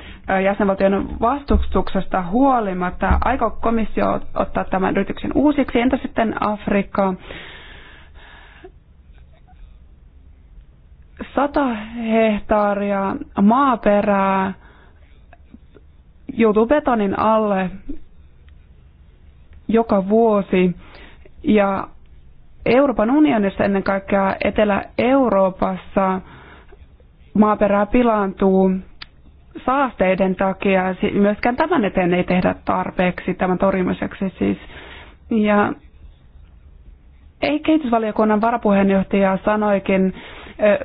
jäsenvaltion vastustuksesta huolimatta. Aiko komissio ottaa tämän yrityksen uusiksi? Entä sitten Afrikka? Sata hehtaaria maaperää joutuu betonin alle joka vuosi. Ja Euroopan unionissa ennen kaikkea Etelä-Euroopassa maaperää pilaantuu saasteiden takia. Myöskään tämän eteen ei tehdä tarpeeksi tämän torjumiseksi siis. Ja ei kehitysvaliokunnan varapuheenjohtaja sanoikin,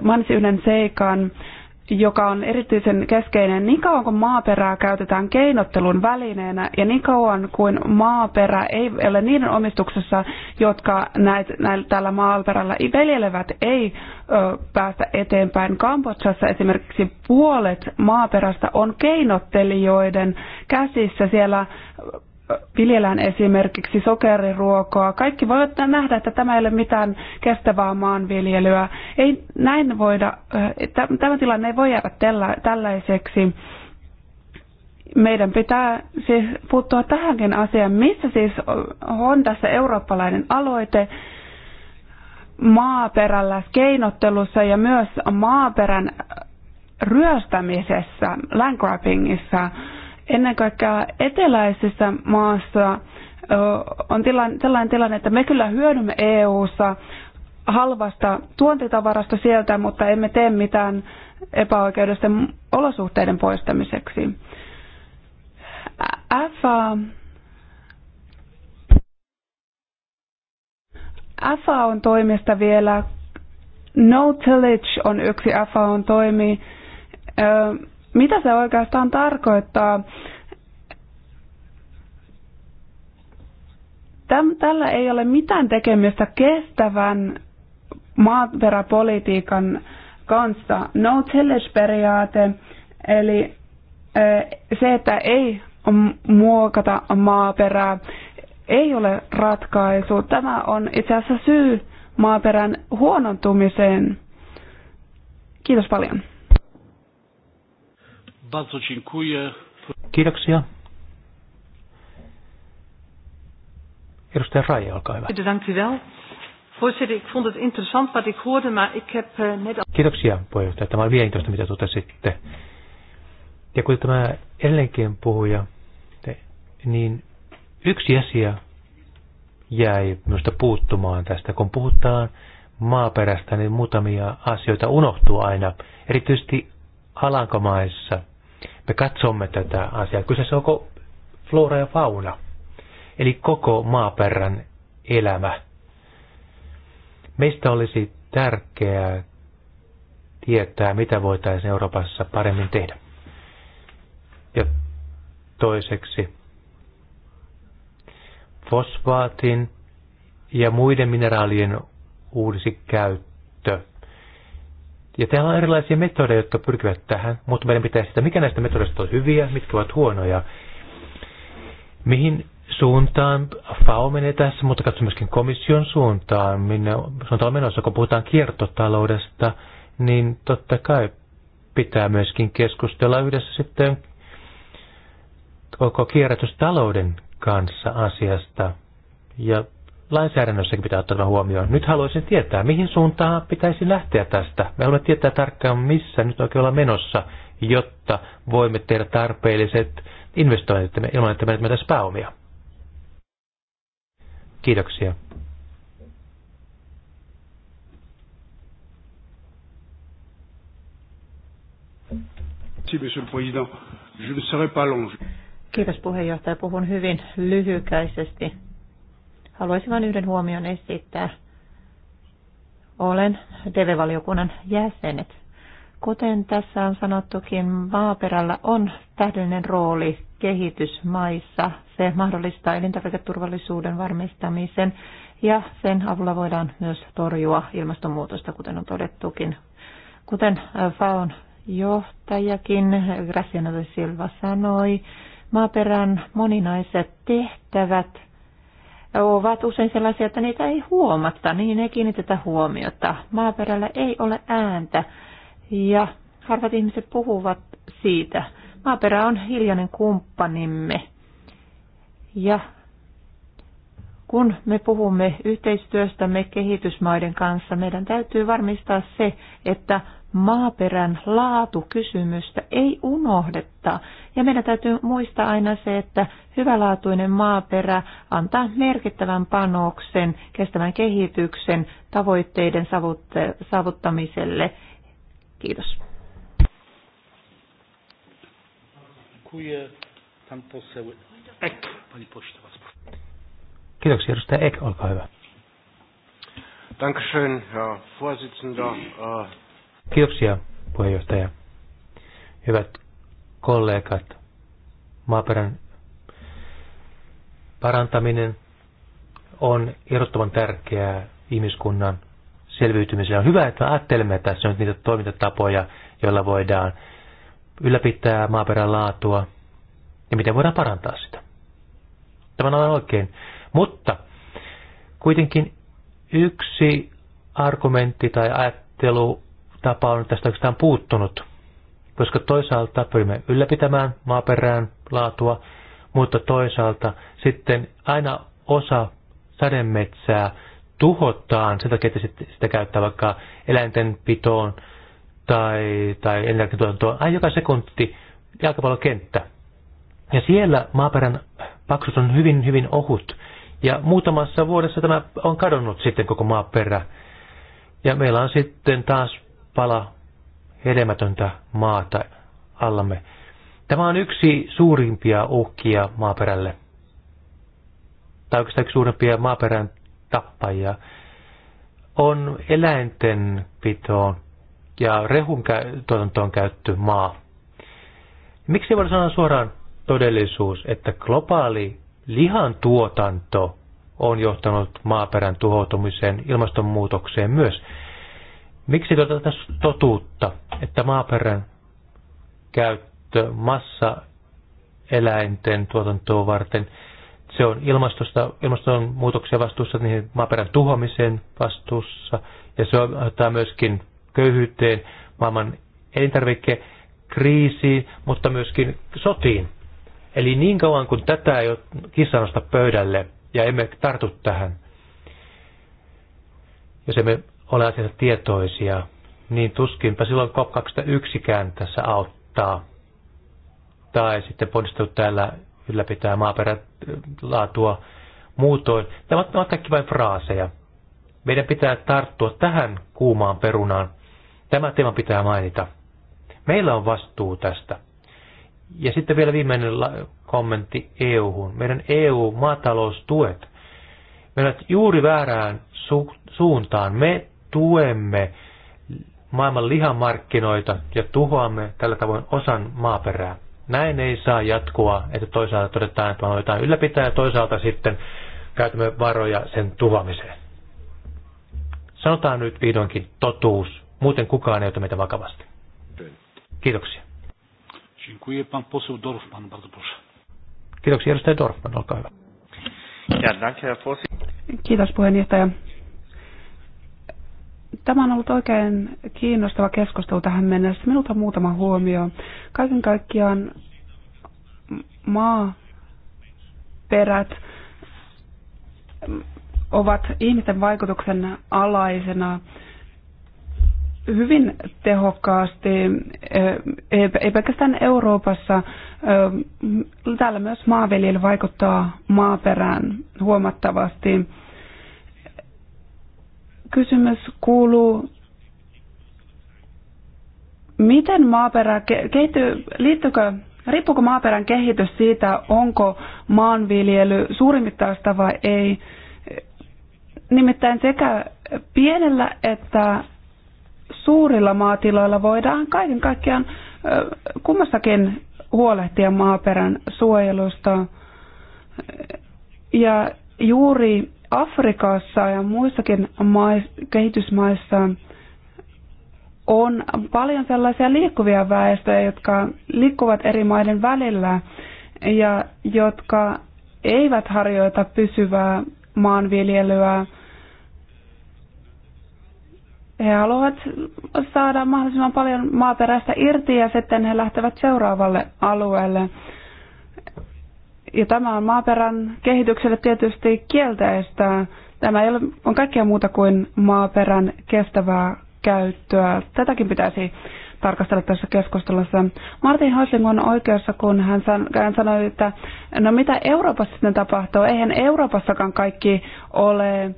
mainitsi yhden seikan, joka on erityisen keskeinen, niin kauan kuin maaperää käytetään keinottelun välineenä ja niin kauan kuin maaperä ei ole niiden omistuksessa, jotka näet, näet, tällä maaperällä veljelevät, ei ö, päästä eteenpäin. Kambodsassa esimerkiksi puolet maaperästä on keinottelijoiden käsissä. Siellä viljellään esimerkiksi sokeriruokoa. Kaikki voivat nähdä, että tämä ei ole mitään kestävää maanviljelyä. Ei näin voida, eh, tämä tilanne ei voi jäädä tällaiseksi. Meidän pitää siis puuttua tähänkin asiaan, missä siis on tässä eurooppalainen aloite maaperällä keinottelussa ja myös maaperän ryöstämisessä, grabbingissa ennen kaikkea eteläisissä maassa on tilanne, sellainen tilanne, että me kyllä hyödymme EU-ssa halvasta tuontitavarasta sieltä, mutta emme tee mitään epäoikeudesta olosuhteiden poistamiseksi. FA, FA on toimista vielä. No tillage on yksi FA on toimi. Ö, mitä se oikeastaan tarkoittaa. Tällä ei ole mitään tekemistä kestävän maaperäpolitiikan kanssa. No tillage-periaate, eli se, että ei muokata maaperää, ei ole ratkaisu. Tämä on itse asiassa syy maaperän huonontumiseen. Kiitos paljon. Bardzo dziękuję. Kiitoksia. Edustaja Raija, olkaa hyvä. Dank u wel. Voorzitter, ik vond het interessant wat ik hoorde, maar ik heb eh, net al... Kiitoksia, puheenjohtaja. Tämä oli vielä mielenkiintoista, mitä totesitte. Ja kuten tämä edelleenkin puhuja, niin yksi asia jäi minusta puuttumaan tästä. Kun puhutaan maaperästä, niin muutamia asioita unohtuu aina, erityisesti Alankomaissa – me katsomme tätä asiaa. Kyseessä onko flora ja fauna, eli koko maaperän elämä. Meistä olisi tärkeää tietää, mitä voitaisiin Euroopassa paremmin tehdä. Ja toiseksi fosfaatin ja muiden mineraalien uudisi käyttö ja täällä on erilaisia metodeja, jotka pyrkivät tähän, mutta meidän pitää sitä, mikä näistä metodeista on hyviä, mitkä ovat huonoja, mihin suuntaan FAO menee tässä, mutta katso myöskin komission suuntaan, minne suuntaan on menossa, kun puhutaan kiertotaloudesta, niin totta kai pitää myöskin keskustella yhdessä sitten koko kierrätystalouden kanssa asiasta. Ja lainsäädännössäkin pitää ottaa huomioon. Nyt haluaisin tietää, mihin suuntaan pitäisi lähteä tästä. Me haluamme tietää tarkkaan, missä nyt oikein ollaan menossa, jotta voimme tehdä tarpeelliset investoinnit ilman, että menet tässä pääomia. Kiitoksia. Kiitos puheenjohtaja. Puhun hyvin lyhykäisesti Haluaisin vain yhden huomion esittää. Olen TV-valiokunnan jäsenet. Kuten tässä on sanottukin, maaperällä on tähdellinen rooli kehitysmaissa. Se mahdollistaa elintarviketurvallisuuden varmistamisen ja sen avulla voidaan myös torjua ilmastonmuutosta, kuten on todettukin. Kuten äh, FAON johtajakin Graciano de Silva sanoi, maaperän moninaiset tehtävät ovat usein sellaisia, että niitä ei huomata, niin ei kiinnitetä huomiota. Maaperällä ei ole ääntä ja harvat ihmiset puhuvat siitä. Maaperä on hiljainen kumppanimme. Ja kun me puhumme yhteistyöstämme kehitysmaiden kanssa, meidän täytyy varmistaa se, että maaperän laatukysymystä ei unohdetta. Ja meidän täytyy muistaa aina se, että hyvälaatuinen maaperä antaa merkittävän panoksen kestävän kehityksen tavoitteiden saavuttamiselle. Kiitos. Kiitoksia, edustaja Ek, olkaa hyvä. Dankeschön, Herr Vorsitzender. Äh, Kiitoksia, puheenjohtaja. Hyvät kollegat, maaperän parantaminen on erottoman tärkeää ihmiskunnan selviytymiselle. On hyvä, että me ajattelemme tässä nyt niitä toimintatapoja, joilla voidaan ylläpitää maaperän laatua ja miten voidaan parantaa sitä. Tämä on oikein. Mutta kuitenkin yksi argumentti tai ajattelu tapa on tästä oikeastaan puuttunut, koska toisaalta pyrimme ylläpitämään maaperään laatua, mutta toisaalta sitten aina osa sademetsää tuhotaan sen takia, että sitä käyttää vaikka eläintenpitoon tai, tai energiantuotantoon. Aina joka sekunti jalkapallokenttä. Ja siellä maaperän paksuus on hyvin, hyvin ohut. Ja muutamassa vuodessa tämä on kadonnut sitten koko maaperä. Ja meillä on sitten taas pala hedelmätöntä maata allamme. Tämä on yksi suurimpia uhkia maaperälle. Tai oikeastaan yksi suurimpia maaperän tappajia on eläinten pitoon ja rehun tuotantoon käytty maa. Miksi voida sanoa suoraan todellisuus, että globaali lihan tuotanto on johtanut maaperän tuhoutumiseen, ilmastonmuutokseen myös? Miksi tuota totuutta, että maaperän käyttö massa eläinten tuotantoa varten, se on ilmastosta, ilmastonmuutoksen vastuussa, niihin maaperän tuhoamisen vastuussa, ja se ottaa myöskin köyhyyteen, maailman elintarvikekriisiin, mutta myöskin sotiin. Eli niin kauan kuin tätä ei ole kissanosta pöydälle ja emme tartu tähän, jos emme ole asiasta tietoisia, niin tuskinpä silloin cop 21 tässä auttaa. Tai sitten ponnistelut täällä ylläpitää maaperälaatua äh, muutoin. Nämä ovat kaikki vain fraaseja. Meidän pitää tarttua tähän kuumaan perunaan. Tämä teema pitää mainita. Meillä on vastuu tästä. Ja sitten vielä viimeinen kommentti EU-hun. Meidän EU-maataloustuet menevät juuri väärään su- suuntaan. Me tuemme maailman lihamarkkinoita ja tuhoamme tällä tavoin osan maaperää. Näin ei saa jatkua, että toisaalta todetaan, että on jotain ylläpitää ja toisaalta sitten käytämme varoja sen tuhoamiseen. Sanotaan nyt vihdoinkin totuus, muuten kukaan ei ota meitä vakavasti. Kiitoksia. Kiitoksia edustaja Dorfman, olkaa hyvä. Kiitos puheenjohtaja. Tämä on ollut oikein kiinnostava keskustelu tähän mennessä. Minulta muutama huomio. Kaiken kaikkiaan maaperät ovat ihmisten vaikutuksen alaisena hyvin tehokkaasti, eh, ei pelkästään Euroopassa, eh, täällä myös maanviljely vaikuttaa maaperään huomattavasti. Kysymys kuuluu, miten maaperä kehittyy, liittyykö, riippuuko maaperän kehitys siitä, onko maanviljely suurimittaista vai ei? Nimittäin sekä pienellä että suurilla maatiloilla voidaan kaiken kaikkiaan kummassakin huolehtia maaperän suojelusta. Ja juuri Afrikassa ja muissakin mais, kehitysmaissa on paljon sellaisia liikkuvia väestöjä, jotka liikkuvat eri maiden välillä ja jotka eivät harjoita pysyvää maanviljelyä. He haluavat saada mahdollisimman paljon maaperästä irti ja sitten he lähtevät seuraavalle alueelle. Ja tämä on maaperän kehitykselle tietysti kielteistä. Tämä ei ole, on kaikkea muuta kuin maaperän kestävää käyttöä. Tätäkin pitäisi tarkastella tässä keskustelussa. Martin Hosling on oikeassa, kun hän, san, hän sanoi, että no mitä Euroopassa sitten tapahtuu? Eihän Euroopassakaan kaikki ole,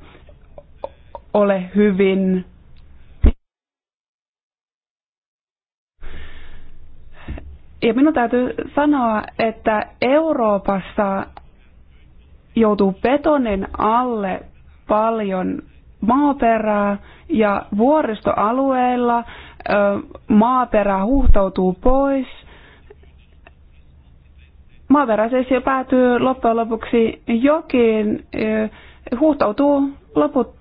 ole hyvin Ja minun täytyy sanoa, että Euroopassa joutuu betonin alle paljon maaperää ja vuoristoalueilla maaperä huhtautuu pois. Maaperä siis jo päätyy loppujen lopuksi jokiin, huhtautuu loput,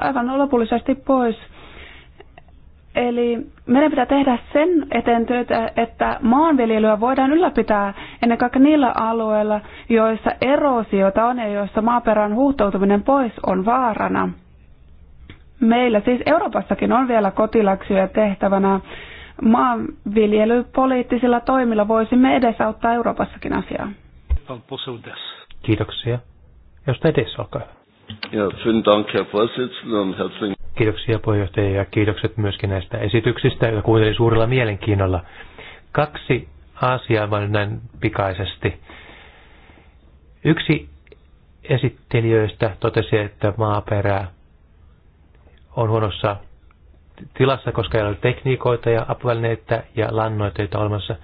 aivan lopullisesti pois – Eli meidän pitää tehdä sen eteen työtä, että maanviljelyä voidaan ylläpitää ennen kaikkea niillä alueilla, joissa erosiota on ja joissa maaperän huuhtoutuminen pois on vaarana. Meillä siis Euroopassakin on vielä kotilaksuja tehtävänä. Maanviljelypoliittisilla toimilla voisimme edesauttaa Euroopassakin asiaa. Kiitoksia. Jos edes, olkaa hyvä. Ja, vielen Dank, Herr und Kiitoksia puheenjohtaja ja kiitokset myöskin näistä esityksistä, joita kuuntelin suurella mielenkiinnolla. Kaksi asiaa vain näin pikaisesti. Yksi esittelijöistä totesi, että maaperä on huonossa tilassa, koska ei ole tekniikoita ja apuvälineitä ja lannoitteita olemassa.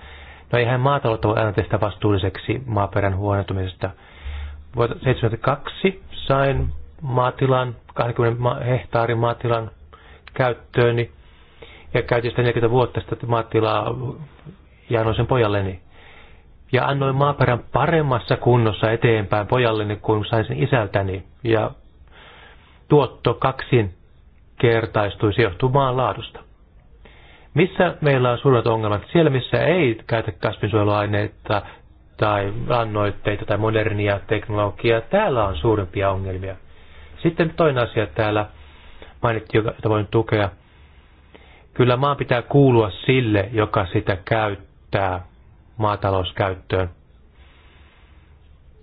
No eihän maataloutta voi aina tehdä vastuulliseksi maaperän huonontumisesta. Vuonna 1972 sain maatilan, 20 hehtaarin maatilan käyttööni ja käytin sitä 40 vuotta sitä maatilaa ja annoin sen pojalleni. Ja annoin maaperän paremmassa kunnossa eteenpäin pojalleni kuin sain sen isältäni ja tuotto kaksin kertaistui, se johtuu maan laadusta. Missä meillä on suuret ongelmat? Siellä, missä ei käytä kasvinsuojeluaineita tai lannoitteita tai modernia teknologiaa, täällä on suurempia ongelmia. Sitten toinen asia täällä mainittiin, jota voin tukea. Kyllä maan pitää kuulua sille, joka sitä käyttää maatalouskäyttöön.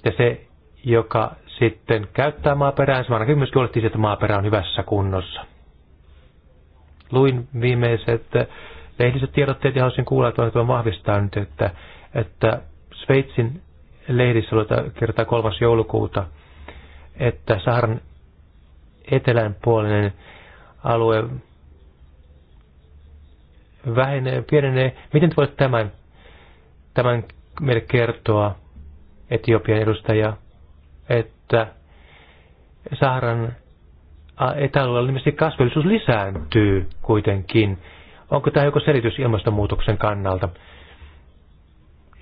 Ja se, joka sitten käyttää maaperää, se ainakin myös huolehtii, että maaperä on hyvässä kunnossa. Luin viimeiset eh, lehdiset tiedotteet ja haluaisin kuulla, että voin vahvistaa nyt, että, että Sveitsin lehdissä kertaa 3. joulukuuta, että Saharan etelänpuolinen alue vähenee, pienenee. Miten voit tämän, tämän meille kertoa, Etiopian edustaja, että Saharan etäalueella nimesti kasvillisuus lisääntyy kuitenkin. Onko tämä joku selitys ilmastonmuutoksen kannalta?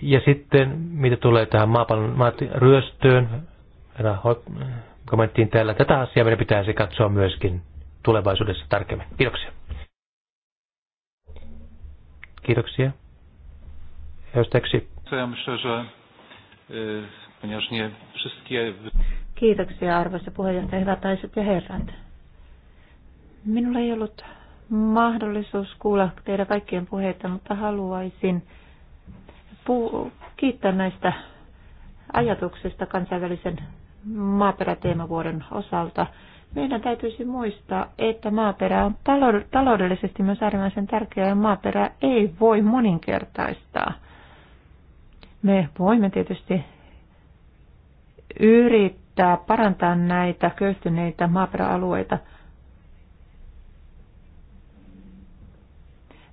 Ja sitten, mitä tulee tähän maapallon ryöstöön, kommenttiin täällä. Tätä asiaa meidän pitäisi katsoa myöskin tulevaisuudessa tarkemmin. Kiitoksia. Kiitoksia. Jostaksi. Kiitoksia arvoisa puheenjohtaja, hyvät taiset ja herrat. Minulla ei ollut mahdollisuus kuulla teidän kaikkien puheita, mutta haluaisin kiittää näistä ajatuksista kansainvälisen maaperäteemavuoden osalta, meidän täytyisi muistaa, että maaperä on taloudellisesti myös äärimmäisen tärkeää ja maaperä ei voi moninkertaistaa. Me voimme tietysti yrittää parantaa näitä köyhtyneitä maaperäalueita.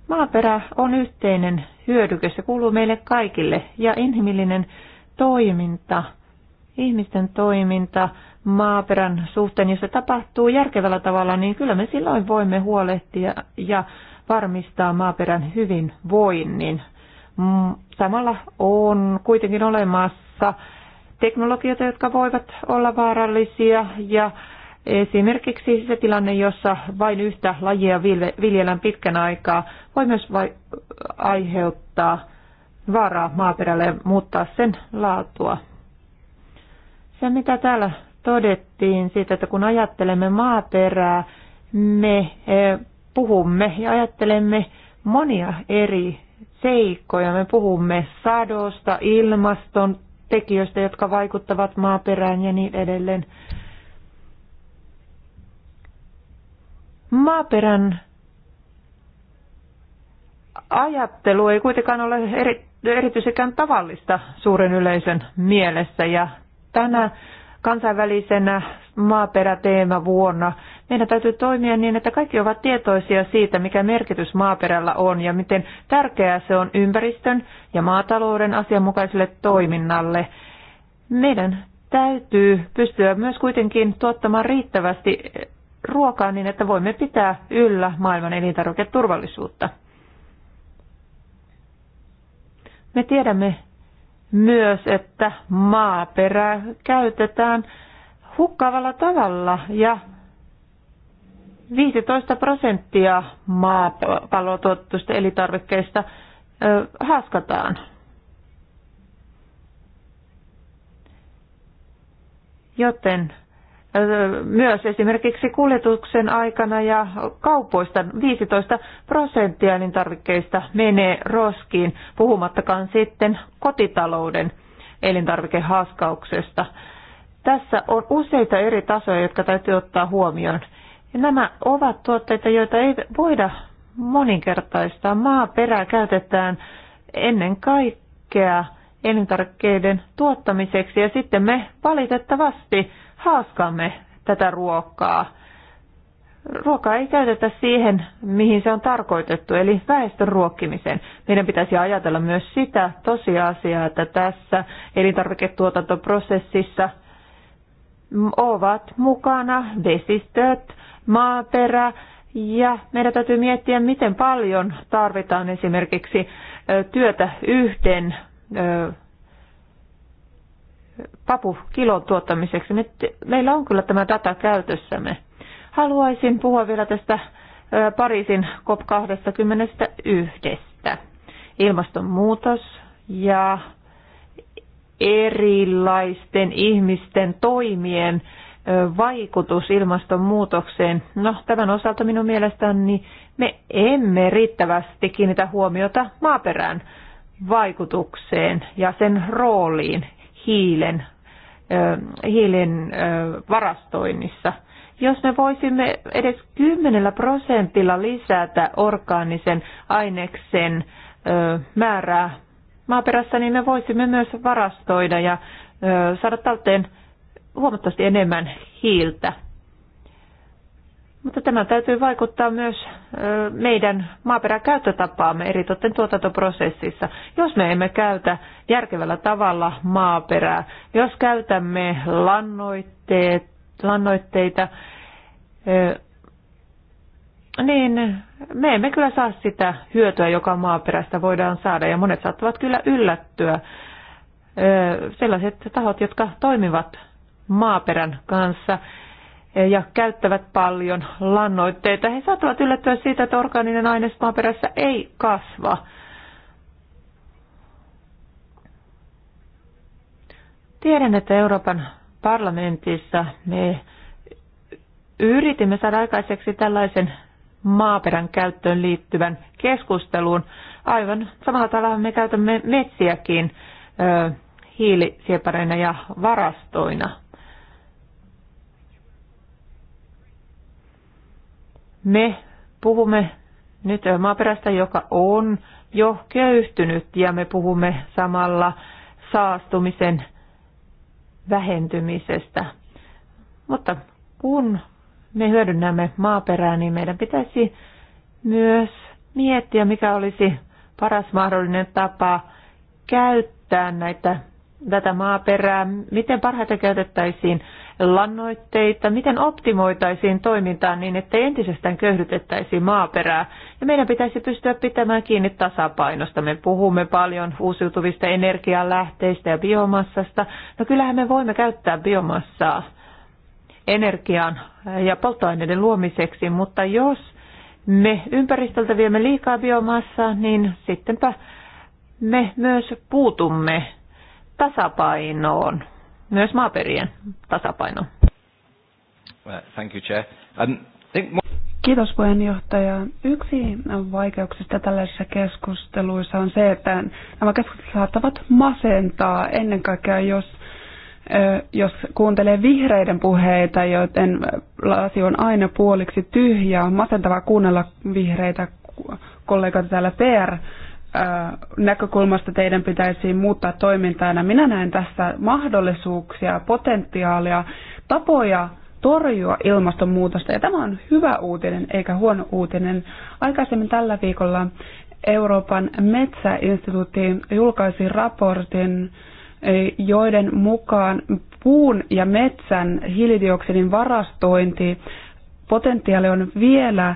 Maaperä on yhteinen hyödyke, se kuuluu meille kaikille ja inhimillinen toiminta – ihmisten toiminta maaperän suhteen, jos se tapahtuu järkevällä tavalla, niin kyllä me silloin voimme huolehtia ja varmistaa maaperän hyvinvoinnin. Mm, samalla on kuitenkin olemassa teknologioita, jotka voivat olla vaarallisia ja esimerkiksi se tilanne, jossa vain yhtä lajia viljellään pitkän aikaa, voi myös vai- aiheuttaa vaaraa maaperälle ja muuttaa sen laatua se, mitä täällä todettiin siitä, että kun ajattelemme maaperää, me e, puhumme ja ajattelemme monia eri seikkoja. Me puhumme sadosta, ilmaston tekijöistä, jotka vaikuttavat maaperään ja niin edelleen. Maaperän ajattelu ei kuitenkaan ole eri, erityisekään tavallista suuren yleisön mielessä ja tänä kansainvälisenä maaperäteema vuonna. Meidän täytyy toimia niin, että kaikki ovat tietoisia siitä, mikä merkitys maaperällä on ja miten tärkeää se on ympäristön ja maatalouden asianmukaiselle toiminnalle. Meidän täytyy pystyä myös kuitenkin tuottamaan riittävästi ruokaa niin, että voimme pitää yllä maailman elintarviketurvallisuutta. Me tiedämme, myös, että maaperää käytetään hukkaavalla tavalla ja 15 prosenttia maapallotuotetusta elintarvikkeista haaskataan. Joten myös esimerkiksi kuljetuksen aikana ja kaupoista 15 prosenttia elintarvikkeista menee roskiin, puhumattakaan sitten kotitalouden elintarvikehaskauksesta. Tässä on useita eri tasoja, jotka täytyy ottaa huomioon. Ja nämä ovat tuotteita, joita ei voida moninkertaistaa. Maaperää käytetään ennen kaikkea elintarvikkeiden tuottamiseksi ja sitten me valitettavasti haaskaamme tätä ruokaa. Ruokaa ei käytetä siihen, mihin se on tarkoitettu, eli väestön ruokkimiseen. Meidän pitäisi ajatella myös sitä tosiasiaa, että tässä elintarviketuotantoprosessissa ovat mukana vesistöt, maaperä, ja meidän täytyy miettiä, miten paljon tarvitaan esimerkiksi työtä yhden papukilon tuottamiseksi. Nyt meillä on kyllä tämä data käytössämme. Haluaisin puhua vielä tästä Pariisin COP21. Ilmastonmuutos ja erilaisten ihmisten toimien vaikutus ilmastonmuutokseen. No, tämän osalta minun mielestäni me emme riittävästi kiinnitä huomiota maaperään vaikutukseen ja sen rooliin hiilen, hiilen varastoinnissa. Jos me voisimme edes 10 prosentilla lisätä orgaanisen aineksen määrää maaperässä, niin me voisimme myös varastoida ja saada talteen huomattavasti enemmän hiiltä. Mutta tämä täytyy vaikuttaa myös meidän maaperän käyttötapaamme eri tuotantoprosessissa. Jos me emme käytä järkevällä tavalla maaperää, jos käytämme lannoitteet, lannoitteita, niin me emme kyllä saa sitä hyötyä, joka maaperästä voidaan saada. Ja monet saattavat kyllä yllättyä sellaiset tahot, jotka toimivat maaperän kanssa – ja käyttävät paljon lannoitteita, he saattavat yllättyä siitä, että orgaaninen aines maaperässä ei kasva. Tiedän, että Euroopan parlamentissa me yritimme saada aikaiseksi tällaisen maaperän käyttöön liittyvän keskusteluun. Aivan samalla tavalla me käytämme metsiäkin hiilisiepareina ja varastoina. Me puhumme nyt maaperästä, joka on jo köyhtynyt ja me puhumme samalla saastumisen vähentymisestä. Mutta kun me hyödynnämme maaperää, niin meidän pitäisi myös miettiä, mikä olisi paras mahdollinen tapa käyttää näitä tätä maaperää, miten parhaiten käytettäisiin lannoitteita, miten optimoitaisiin toimintaa niin, että entisestään köyhdytettäisiin maaperää. Ja meidän pitäisi pystyä pitämään kiinni tasapainosta. Me puhumme paljon uusiutuvista energialähteistä ja biomassasta. No kyllähän me voimme käyttää biomassaa energian ja polttoaineiden luomiseksi, mutta jos me ympäristöltä viemme liikaa biomassaa, niin sittenpä me myös puutumme tasapainoon, myös maaperien tasapainoon. Thank you, Chair. Um, think... Kiitos puheenjohtaja. Yksi vaikeuksista tällaisissa keskusteluissa on se, että nämä keskustelut saattavat masentaa ennen kaikkea, jos, jos kuuntelee vihreiden puheita, joten lasi on aina puoliksi tyhjä. On masentavaa kuunnella vihreitä kollegoita täällä PR näkökulmasta teidän pitäisi muuttaa toimintaa. Minä näen tässä mahdollisuuksia, potentiaalia, tapoja torjua ilmastonmuutosta. Ja tämä on hyvä uutinen eikä huono uutinen. Aikaisemmin tällä viikolla Euroopan metsäinstituutti julkaisi raportin, e, joiden mukaan puun ja metsän hiilidioksidin varastointi potentiaali on vielä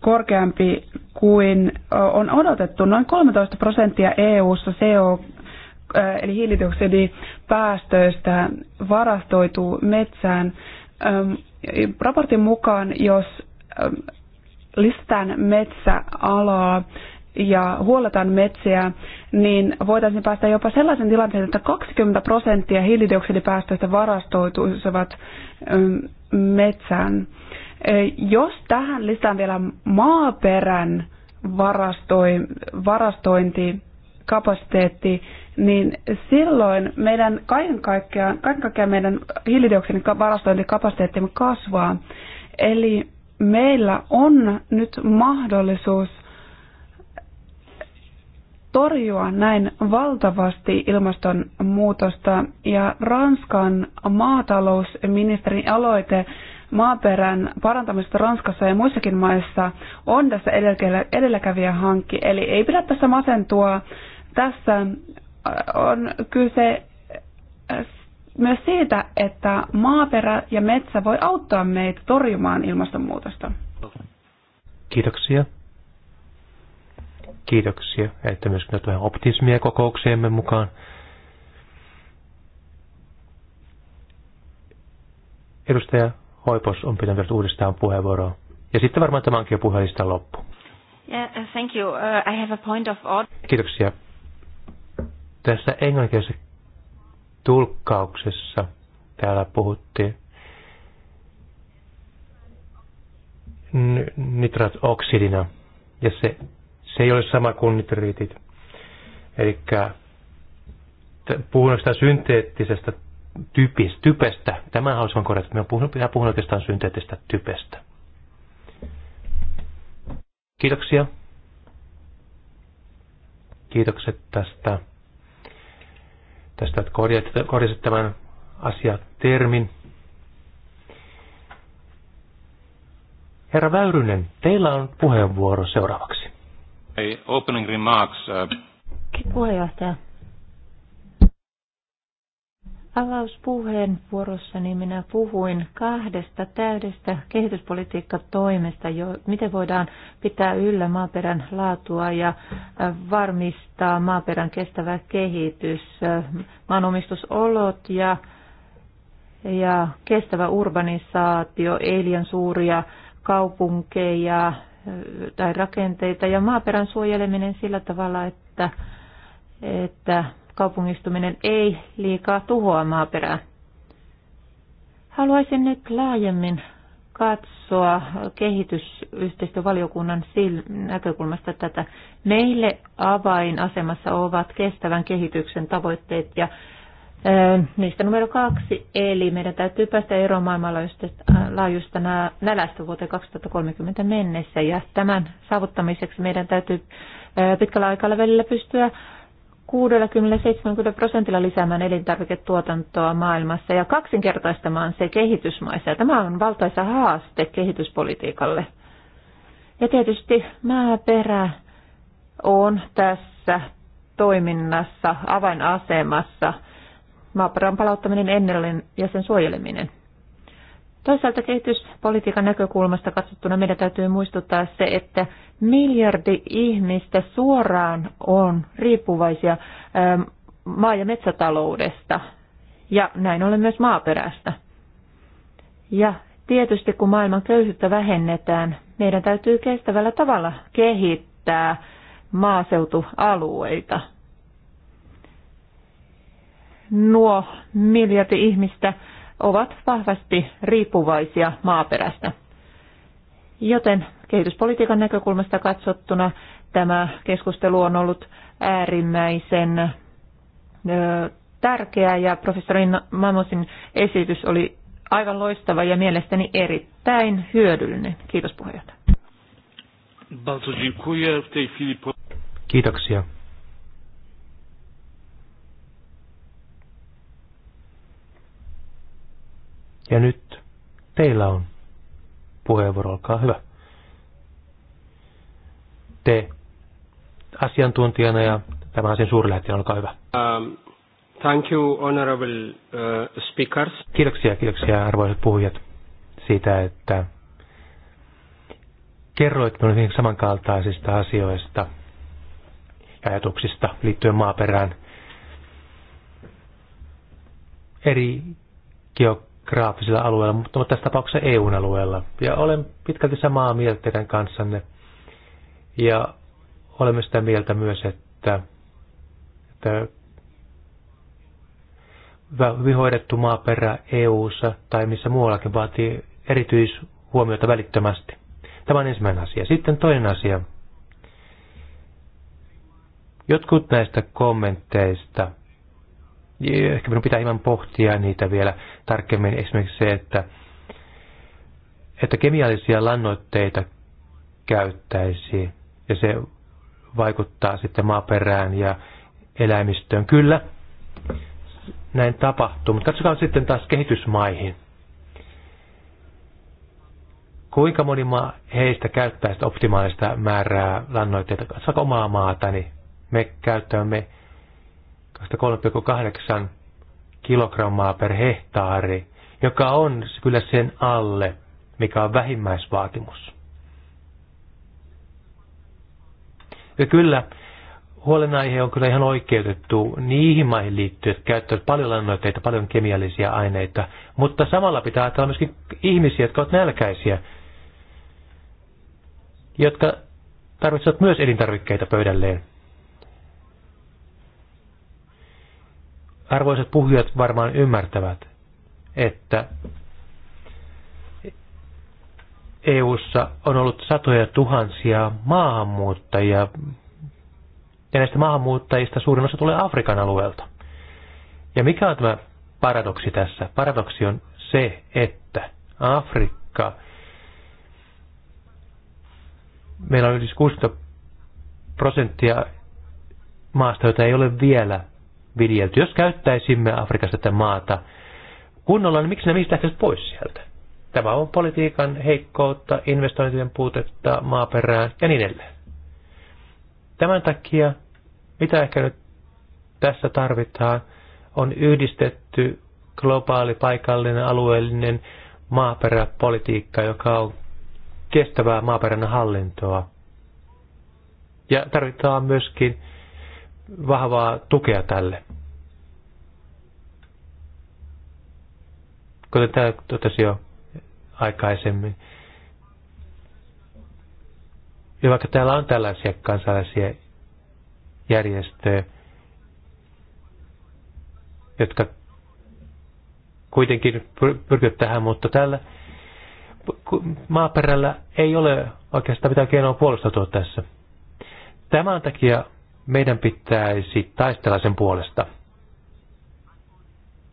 korkeampi kuin on odotettu. Noin 13 prosenttia EU-ssa CO, eli hiilidioksidipäästöistä varastoituu metsään. Raportin mukaan, jos lisätään metsäalaa ja huoletaan metsiä, niin voitaisiin päästä jopa sellaisen tilanteen, että 20 prosenttia hiilidioksidipäästöistä varastoituisivat metsään. Jos tähän lisään vielä maaperän varastointikapasiteetti, niin silloin meidän kaiken kaikkiaan, kaiken kaikkiaan meidän hiilidioksidin varastointikapasiteettimme kasvaa. Eli meillä on nyt mahdollisuus torjua näin valtavasti ilmastonmuutosta ja Ranskan maatalousministerin aloite maaperän parantamisesta Ranskassa ja muissakin maissa on tässä edelläkävijä hankki. Eli ei pidä tässä masentua. Tässä äh, on kyse äh, myös siitä, että maaperä ja metsä voi auttaa meitä torjumaan ilmastonmuutosta. Kiitoksia. Kiitoksia, että myös tulee optismia kokoukseemme mukaan. Edustaja Hoipos on pitänyt uudestaan puheenvuoroa. Ja sitten varmaan tämä onkin jo puhelistan loppu. Yeah, uh, thank you. Uh, I have a point of order. Kiitoksia. Tässä englanninkielisessä tulkkauksessa täällä puhuttiin nitratoksidina, ja se, se ei ole sama kuin nitriitit. Eli puhun synteettisestä typis, typestä. Tämä haluaisin korjata, että minä puhun, puhun oikeastaan synteettistä typestä. Kiitoksia. Kiitokset tästä, tästä että korjasit tämän asiatermin. Herra Väyrynen, teillä on puheenvuoro seuraavaksi. Hey, opening remarks. Uh... Puheenjohtaja Avauspuheenvuorossani minä puhuin kahdesta täydestä kehityspolitiikkatoimesta, jo, miten voidaan pitää yllä maaperän laatua ja äh, varmistaa maaperän kestävä kehitys, äh, maanomistusolot ja, ja kestävä urbanisaatio, eilien suuria kaupunkeja äh, tai rakenteita ja maaperän suojeleminen sillä tavalla, että, että kaupungistuminen ei liikaa tuhoa maaperää. Haluaisin nyt laajemmin katsoa kehitysyhteistyövaliokunnan näkökulmasta tätä. Meille avainasemassa ovat kestävän kehityksen tavoitteet ja Niistä numero kaksi, eli meidän täytyy päästä eroon maailmanlaajuista nälästä vuoteen 2030 mennessä, ja tämän saavuttamiseksi meidän täytyy pitkällä aikavälillä pystyä 60-70 prosentilla lisäämään elintarviketuotantoa maailmassa ja kaksinkertaistamaan se kehitysmaissa. Ja tämä on valtaisa haaste kehityspolitiikalle. Ja tietysti maaperä on tässä toiminnassa avainasemassa. Maaperän palauttaminen ennen ja sen suojeleminen. Toisaalta kehityspolitiikan näkökulmasta katsottuna meidän täytyy muistuttaa se, että miljardi ihmistä suoraan on riippuvaisia ähm, maa- ja metsätaloudesta ja näin ollen myös maaperästä. Ja tietysti kun maailman köyhyyttä vähennetään, meidän täytyy kestävällä tavalla kehittää maaseutualueita. Nuo miljardi ihmistä ovat vahvasti riippuvaisia maaperästä. Joten kehityspolitiikan näkökulmasta katsottuna tämä keskustelu on ollut äärimmäisen tärkeä ja professori Mamosin esitys oli aivan loistava ja mielestäni erittäin hyödyllinen. Kiitos puheenjohtaja. Kiitoksia. Ja nyt teillä on puheenvuoro, olkaa hyvä. Te asiantuntijana ja tämä asian suurlähettilä, olkaa hyvä. Um, thank you, honorable uh, speakers. Kiitoksia, kiitoksia arvoisat puhujat siitä, että kerroit minulle hyvin samankaltaisista asioista ja ajatuksista liittyen maaperään. Eri graafisilla alueella, mutta tässä tapauksessa eu alueella. Ja olen pitkälti samaa mieltä teidän kanssanne. Ja olemme sitä mieltä myös, että, että hyvin hoidettu maaperä EU:ssa tai missä muuallakin vaatii erityishuomiota välittömästi. Tämä on ensimmäinen asia. Sitten toinen asia. Jotkut näistä kommentteista niin, ehkä minun pitää ihan pohtia niitä vielä tarkemmin. Esimerkiksi se, että, että kemiallisia lannoitteita käyttäisi ja se vaikuttaa sitten maaperään ja eläimistöön. Kyllä, näin tapahtuu, mutta katsokaa sitten taas kehitysmaihin. Kuinka moni maa heistä käyttää sitä optimaalista määrää lannoitteita? Katsokaa omaa maatani. Me käyttämme 3,8 kilogrammaa per hehtaari, joka on kyllä sen alle, mikä on vähimmäisvaatimus. Ja kyllä, huolenaihe on kyllä ihan oikeutettu niihin maihin liittyen, että käyttävät paljon lannoitteita, paljon kemiallisia aineita, mutta samalla pitää ajatella myöskin ihmisiä, jotka ovat nälkäisiä, jotka tarvitsevat myös elintarvikkeita pöydälleen. arvoisat puhujat varmaan ymmärtävät, että EU:ssa on ollut satoja tuhansia maahanmuuttajia, ja näistä maahanmuuttajista suurin osa tulee Afrikan alueelta. Ja mikä on tämä paradoksi tässä? Paradoksi on se, että Afrikka, meillä on yli 60 prosenttia maasta, jota ei ole vielä viljelty. Jos käyttäisimme Afrikassa tätä maata kunnolla, niin miksi ne mistä pois sieltä? Tämä on politiikan heikkoutta, investointien puutetta, maaperään ja niin edelleen. Tämän takia, mitä ehkä nyt tässä tarvitaan, on yhdistetty globaali, paikallinen, alueellinen maaperäpolitiikka, joka on kestävää maaperän hallintoa. Ja tarvitaan myöskin vahvaa tukea tälle. kuten tämä totesi jo aikaisemmin. Ja vaikka täällä on tällaisia kansalaisia järjestöjä, jotka kuitenkin pyrkivät tähän, mutta tällä maaperällä ei ole oikeastaan mitään keinoa puolustautua tässä. Tämän takia meidän pitäisi taistella sen puolesta.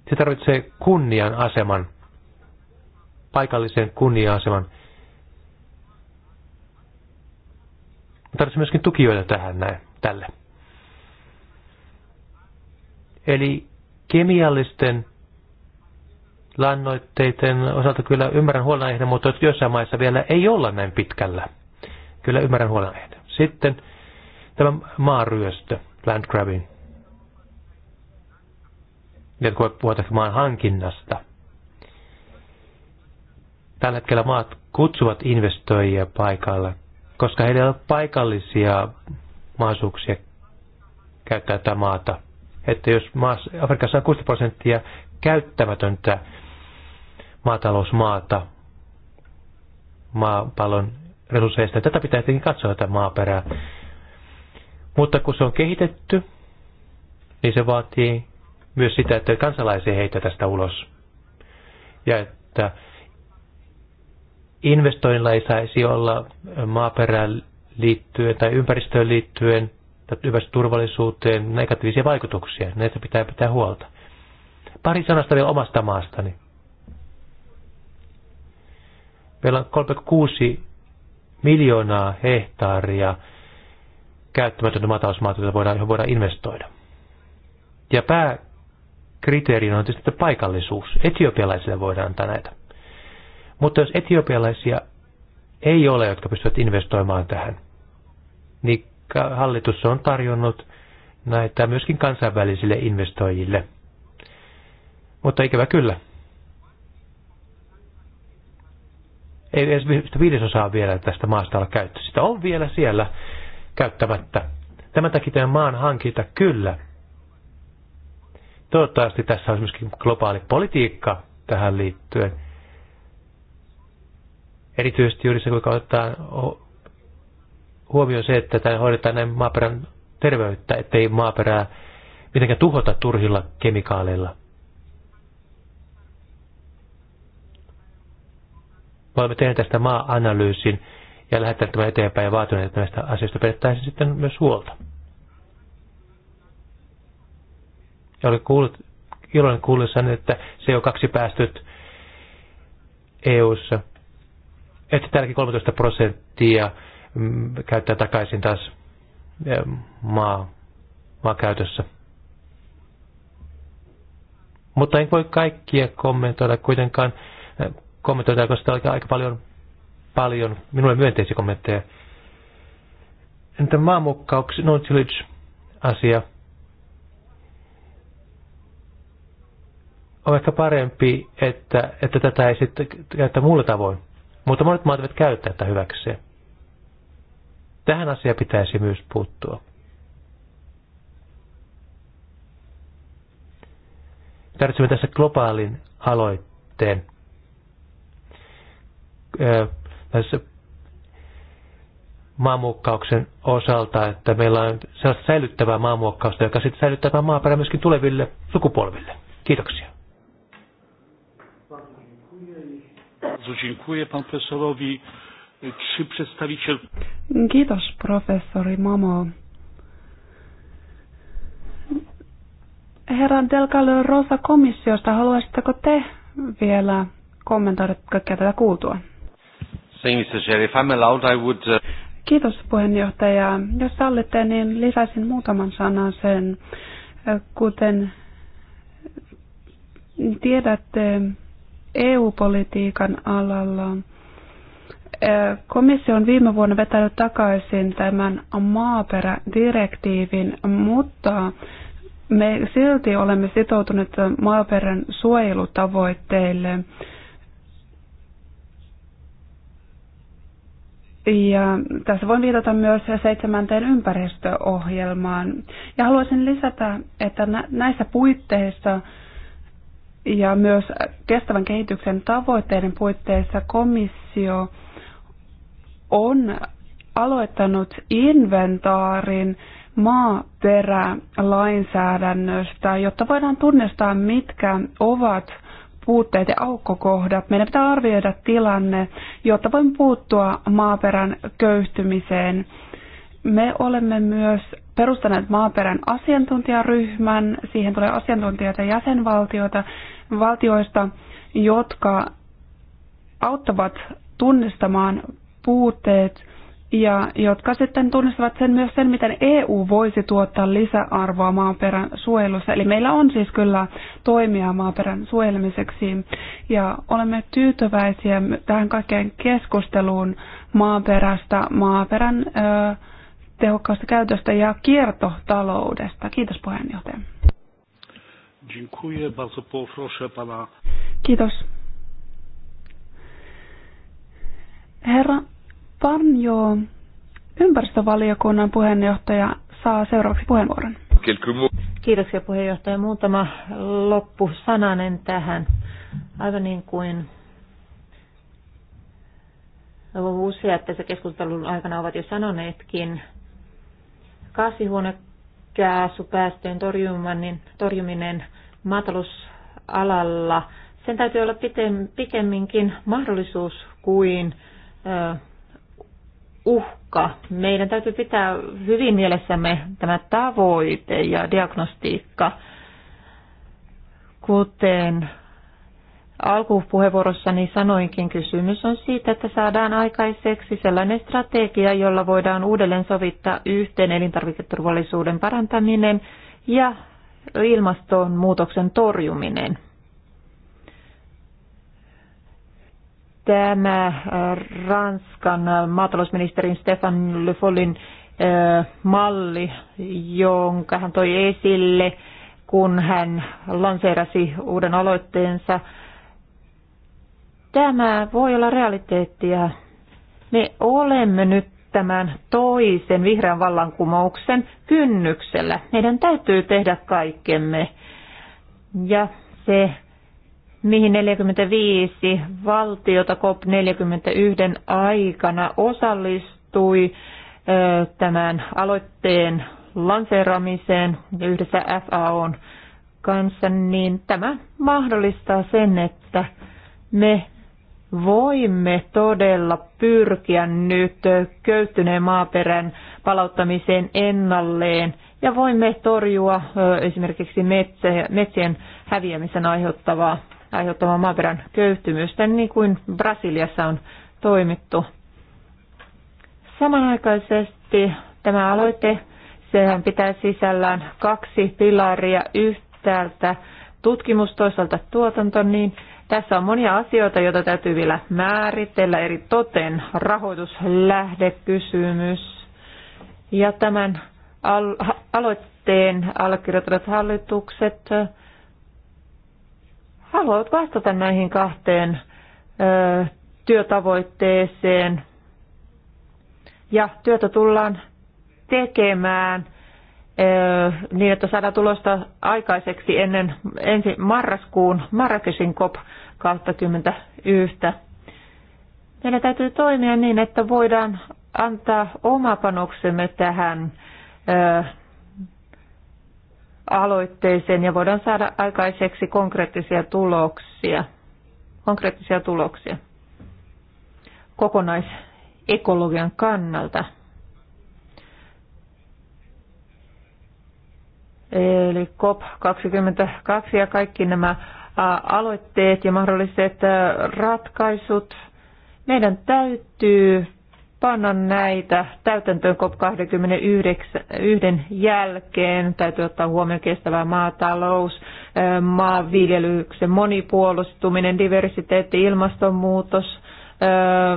Se tarvitsee kunnian aseman paikallisen kunnia-aseman. Tarvitsen myöskin tukijoita tähän näin, tälle. Eli kemiallisten lannoitteiden osalta kyllä ymmärrän huolenaiheen, mutta joissain maissa vielä ei olla näin pitkällä. Kyllä ymmärrän huolenaiheen. Sitten tämä maaryöstö, grabbing. Ja kun puhutaan maan hankinnasta – Tällä hetkellä maat kutsuvat investoijia paikalle, koska heillä on paikallisia mahdollisuuksia käyttää tätä maata. Että jos maassa, Afrikassa on 60 prosenttia käyttämätöntä maatalousmaata maapallon resursseista, tätä pitää tietenkin katsoa tätä maaperää. Mutta kun se on kehitetty, niin se vaatii myös sitä, että kansalaisia heitä tästä ulos. Ja että investoinnilla ei saisi olla maaperään liittyen tai ympäristöön liittyen tai ympäristöturvallisuuteen negatiivisia vaikutuksia. Näistä pitää pitää huolta. Pari sanasta vielä omasta maastani. Meillä on 3,6 miljoonaa hehtaaria käyttämätöntä maatalousmaata, jota voidaan, johon voidaan investoida. Ja pääkriteerinä on tietysti paikallisuus. Etiopialaisille voidaan antaa näitä. Mutta jos etiopialaisia ei ole, jotka pystyvät investoimaan tähän, niin hallitus on tarjonnut näitä myöskin kansainvälisille investoijille. Mutta ikävä kyllä. Ei edes viidesosaa vielä tästä maasta olla käyttö. Sitä on vielä siellä käyttämättä. Tämän takia tämän maan hankinta kyllä. Toivottavasti tässä on myöskin globaali politiikka tähän liittyen Erityisesti juuri se, kuinka ottaa huomioon se, että tämä hoidetaan näin maaperän terveyttä, ettei maaperää mitenkään tuhota turhilla kemikaaleilla. Me olemme tehneet tästä maa-analyysin ja lähettäneet tämän eteenpäin ja vaatineet, että näistä asioista pidettäisiin sitten myös huolta. Ja olen kuullut, iloinen kuullessani, että CO2-päästöt EU-ssa – että täälläkin 13 prosenttia mm, käyttää takaisin taas maa, käytössä. Mutta en voi kaikkia kommentoida kuitenkaan, kommentoida, koska sitä on aika paljon, paljon minulle myönteisiä kommentteja. Entä maamukkauksi, no tillage asia, on ehkä parempi, että, että tätä ei sitten käytä muulla tavoin mutta monet maat eivät käytä tätä hyväkseen. Tähän asiaan pitäisi myös puuttua. Tarvitsemme tässä globaalin aloitteen. tässä maamuokkauksen osalta, että meillä on sellaista säilyttävää maamuokkausta, joka sitten säilyttää maaperä myöskin tuleville sukupolville. Kiitoksia. Bardzo dziękuję pan profesorowi. Czy przedstawiciel... Kiitos professori Mamo. Herra Delgado Rosa komissiosta, haluaisitteko te vielä kommentoida kaikkea tätä kuultua? Uh, Kiitos puheenjohtaja. Jos sallitte, niin lisäisin muutaman sanan sen. Kuten tiedätte, EU-politiikan alalla. Komissio on viime vuonna vetänyt takaisin tämän maaperädirektiivin, mutta me silti olemme sitoutuneet maaperän suojelutavoitteille. Ja tässä voin viitata myös seitsemänteen ympäristöohjelmaan. Ja haluaisin lisätä, että näissä puitteissa ja myös kestävän kehityksen tavoitteiden puitteissa komissio on aloittanut inventaarin maaperälainsäädännöstä, jotta voidaan tunnistaa, mitkä ovat puutteet ja aukkokohdat. Meidän pitää arvioida tilanne, jotta voimme puuttua maaperän köyhtymiseen. Me olemme myös perustaneet maaperän asiantuntijaryhmän. Siihen tulee asiantuntijoita jäsenvaltioita valtioista, jotka auttavat tunnistamaan puutteet ja jotka sitten tunnistavat sen myös sen, miten EU voisi tuottaa lisäarvoa maaperän suojelussa. Eli meillä on siis kyllä toimia maaperän suojelemiseksi ja olemme tyytyväisiä tähän kaikkeen keskusteluun maaperästä, maaperän ö, tehokkaasta käytöstä ja kiertotaloudesta. Kiitos puheenjohtaja. Dziękuję. Bardzo pana. Kiitos. Herra Parnio, ympäristövaliokunnan puheenjohtaja saa seuraavaksi puheenvuoron. Kiitoksia puheenjohtaja. Muutama loppusananen tähän. Aivan niin kuin useat tässä keskustelun aikana ovat jo sanoneetkin, kaasihuonekaasupäästöjen torjuminen, torjuminen maatalousalalla sen täytyy olla pikemminkin mahdollisuus kuin uhka. Meidän täytyy pitää hyvin mielessämme tämä tavoite ja diagnostiikka, kuten alkupuheenvuorossani sanoinkin, kysymys on siitä, että saadaan aikaiseksi sellainen strategia, jolla voidaan uudelleen sovittaa yhteen elintarviketurvallisuuden parantaminen ja ilmastonmuutoksen torjuminen. Tämä äh, Ranskan maatalousministerin Stefan Le Follin äh, malli, jonka hän toi esille, kun hän lanseerasi uuden aloitteensa. Tämä voi olla realiteettia. Me olemme nyt tämän toisen vihreän vallankumouksen kynnyksellä. Meidän täytyy tehdä kaikkemme. Ja se, mihin 45 valtiota COP41 aikana osallistui tämän aloitteen lanseeramiseen yhdessä FAOn kanssa, niin tämä mahdollistaa sen, että me voimme todella pyrkiä nyt köyttyneen maaperän palauttamiseen ennalleen ja voimme torjua esimerkiksi metsien häviämisen aiheuttavaa, aiheuttavaa maaperän köyhtymystä, niin kuin Brasiliassa on toimittu. Samanaikaisesti tämä aloite, sehän pitää sisällään kaksi pilaria yhtäältä tutkimus, toisaalta tuotanto, niin tässä on monia asioita, joita täytyy vielä määritellä, eri toten rahoituslähdekysymys ja tämän al- aloitteen allekirjoittavat hallitukset haluavat vastata näihin kahteen ö, työtavoitteeseen ja työtä tullaan tekemään – niin, että saadaan tulosta aikaiseksi ennen ensi marraskuun Marrakesin COP 21. Meidän täytyy toimia niin, että voidaan antaa oma panoksemme tähän aloitteeseen ja voidaan saada aikaiseksi konkreettisia tuloksia. Konkreettisia tuloksia kokonaisekologian kannalta. eli COP22 ja kaikki nämä aloitteet ja mahdolliset ratkaisut. Meidän täytyy panna näitä täytäntöön COP21 jälkeen. Täytyy ottaa huomioon kestävä maatalous, maanviljelyksen monipuolustuminen, diversiteetti, ilmastonmuutos,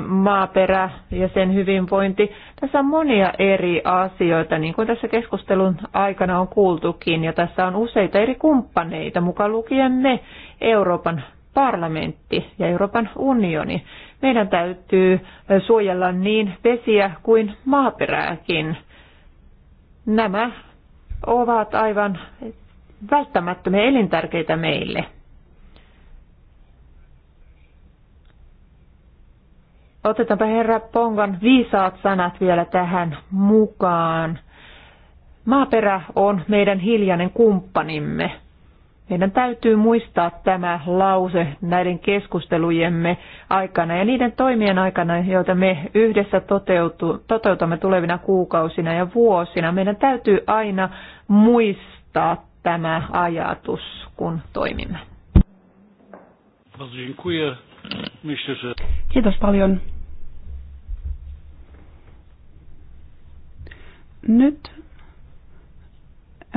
maaperä ja sen hyvinvointi. Tässä on monia eri asioita, niin kuin tässä keskustelun aikana on kuultukin, ja tässä on useita eri kumppaneita, mukaan lukien me, Euroopan parlamentti ja Euroopan unioni. Meidän täytyy suojella niin vesiä kuin maaperääkin. Nämä ovat aivan välttämättömiä elintärkeitä meille. Otetaanpa herra Pongan viisaat sanat vielä tähän mukaan. Maaperä on meidän hiljainen kumppanimme. Meidän täytyy muistaa tämä lause näiden keskustelujemme aikana ja niiden toimien aikana, joita me yhdessä toteutu, toteutamme tulevina kuukausina ja vuosina. Meidän täytyy aina muistaa tämä ajatus, kun toimimme. Kiitos paljon. Nyt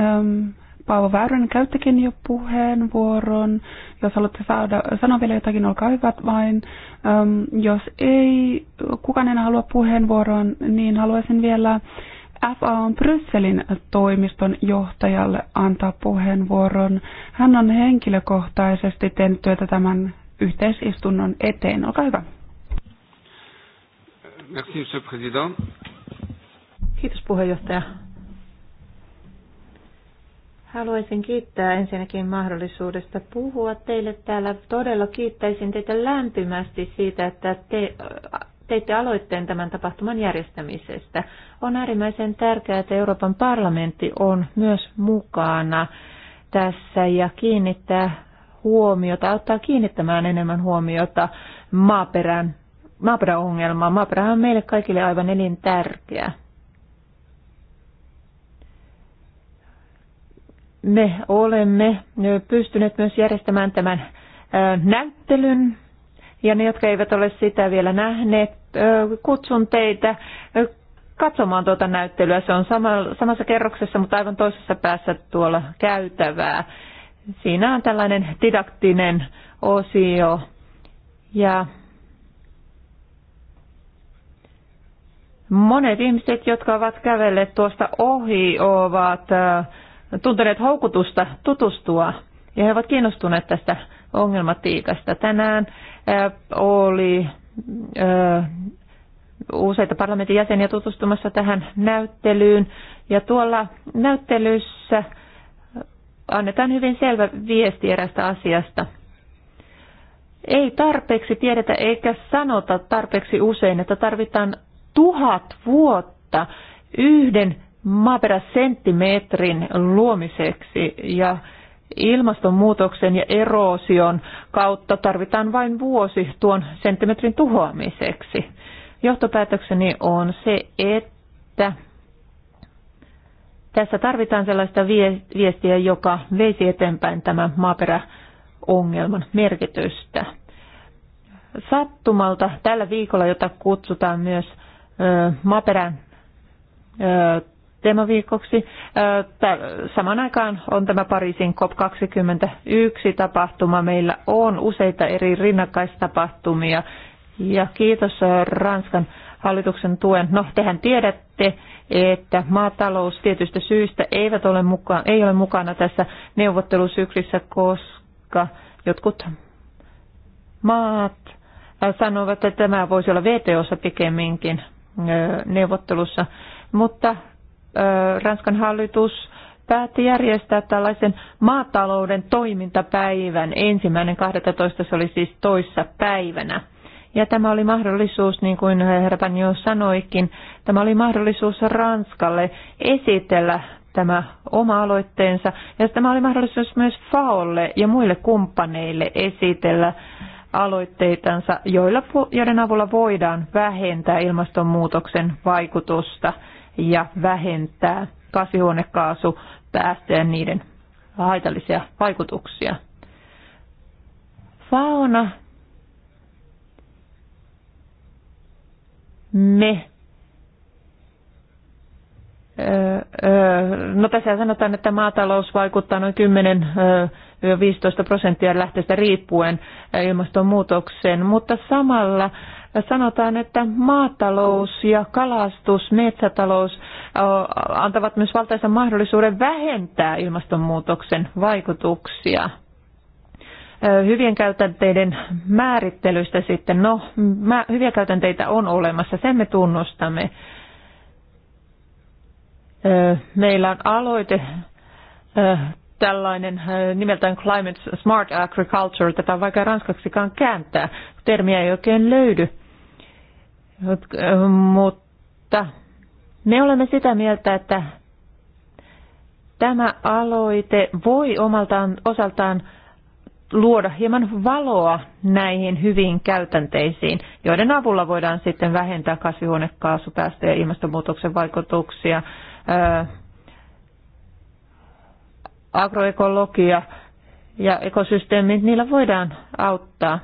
äm, Paavo Väyrynen käyttäkin jo puheenvuoron. Jos haluatte saada, sanoa vielä jotakin, olkaa hyvät vain. Äm, jos ei kukaan enää halua puheenvuoron, niin haluaisin vielä on Brysselin toimiston johtajalle antaa puheenvuoron. Hän on henkilökohtaisesti tehnyt työtä tämän yhteisistunnon eteen. Olkaa hyvä. Merci, monsieur le président. Kiitos puheenjohtaja. Haluaisin kiittää ensinnäkin mahdollisuudesta puhua teille täällä. Todella kiittäisin teitä lämpimästi siitä, että te teitte aloitteen tämän tapahtuman järjestämisestä. On äärimmäisen tärkeää, että Euroopan parlamentti on myös mukana tässä ja kiinnittää huomiota, auttaa kiinnittämään enemmän huomiota maaperän, ongelmaan. Maaperä on meille kaikille aivan elintärkeä. me olemme pystyneet myös järjestämään tämän näyttelyn. Ja ne, jotka eivät ole sitä vielä nähneet, kutsun teitä katsomaan tuota näyttelyä. Se on samassa kerroksessa, mutta aivan toisessa päässä tuolla käytävää. Siinä on tällainen didaktinen osio. Ja monet ihmiset, jotka ovat kävelleet tuosta ohi, ovat äh, tunteneet houkutusta tutustua ja he ovat kiinnostuneet tästä ongelmatiikasta. Tänään oli useita parlamentin jäseniä tutustumassa tähän näyttelyyn ja tuolla näyttelyssä annetaan hyvin selvä viesti erästä asiasta. Ei tarpeeksi tiedetä eikä sanota tarpeeksi usein, että tarvitaan tuhat vuotta yhden maaperäsenttimetrin luomiseksi ja ilmastonmuutoksen ja eroosion kautta tarvitaan vain vuosi tuon senttimetrin tuhoamiseksi. Johtopäätökseni on se, että tässä tarvitaan sellaista viestiä, joka veisi eteenpäin tämän maaperäongelman merkitystä. Sattumalta tällä viikolla, jota kutsutaan myös maaperän teemaviikoksi. Saman aikaan on tämä Pariisin COP21 tapahtuma. Meillä on useita eri rinnakkaistapahtumia ja kiitos Ranskan hallituksen tuen. No, tehän tiedätte, että maatalous tietystä syystä eivät ole mukaan, ei ole mukana tässä neuvottelusyksissä, koska jotkut maat sanovat, että tämä voisi olla VTOssa pikemminkin neuvottelussa. Mutta Ranskan hallitus päätti järjestää tällaisen maatalouden toimintapäivän. Ensimmäinen 12. se oli siis toissa päivänä. Ja tämä oli mahdollisuus, niin kuin herra Panjo sanoikin, tämä oli mahdollisuus Ranskalle esitellä tämä oma aloitteensa. Ja tämä oli mahdollisuus myös FAOlle ja muille kumppaneille esitellä aloitteitansa, joilla, joiden avulla voidaan vähentää ilmastonmuutoksen vaikutusta ja vähentää kasvihuonekaasupäästöjä niiden haitallisia vaikutuksia. Fauna me No tässä sanotaan, että maatalous vaikuttaa noin 10-15 prosenttia lähteestä riippuen ilmastonmuutokseen, mutta samalla sanotaan, että maatalous ja kalastus, metsätalous antavat myös valtaisen mahdollisuuden vähentää ilmastonmuutoksen vaikutuksia. Hyvien käytänteiden määrittelystä sitten, no hyviä käytänteitä on olemassa, sen me tunnustamme. Meillä on aloite tällainen nimeltään Climate Smart Agriculture, tätä on vaikea ranskaksikaan kääntää, termiä ei oikein löydy. Äh, mutta me olemme sitä mieltä, että tämä aloite voi omaltaan osaltaan luoda hieman valoa näihin hyviin käytänteisiin, joiden avulla voidaan sitten vähentää kasvihuonekaasupäästöjä ja ilmastonmuutoksen vaikutuksia. Äh, agroekologia ja ekosysteemit, niillä voidaan auttaa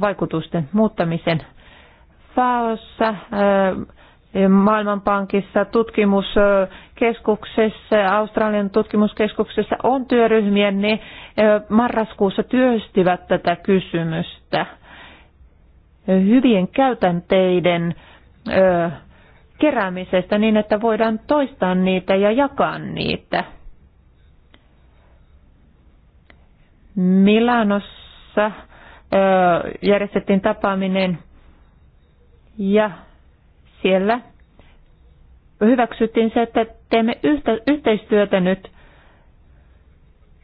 vaikutusten muuttamisen FAOssa, Maailmanpankissa, tutkimuskeskuksessa, Australian tutkimuskeskuksessa on työryhmiä, ne marraskuussa työstivät tätä kysymystä. Hyvien käytänteiden keräämisestä niin, että voidaan toistaa niitä ja jakaa niitä. Milanossa järjestettiin tapaaminen ja siellä hyväksyttiin se, että teemme yhtä, yhteistyötä nyt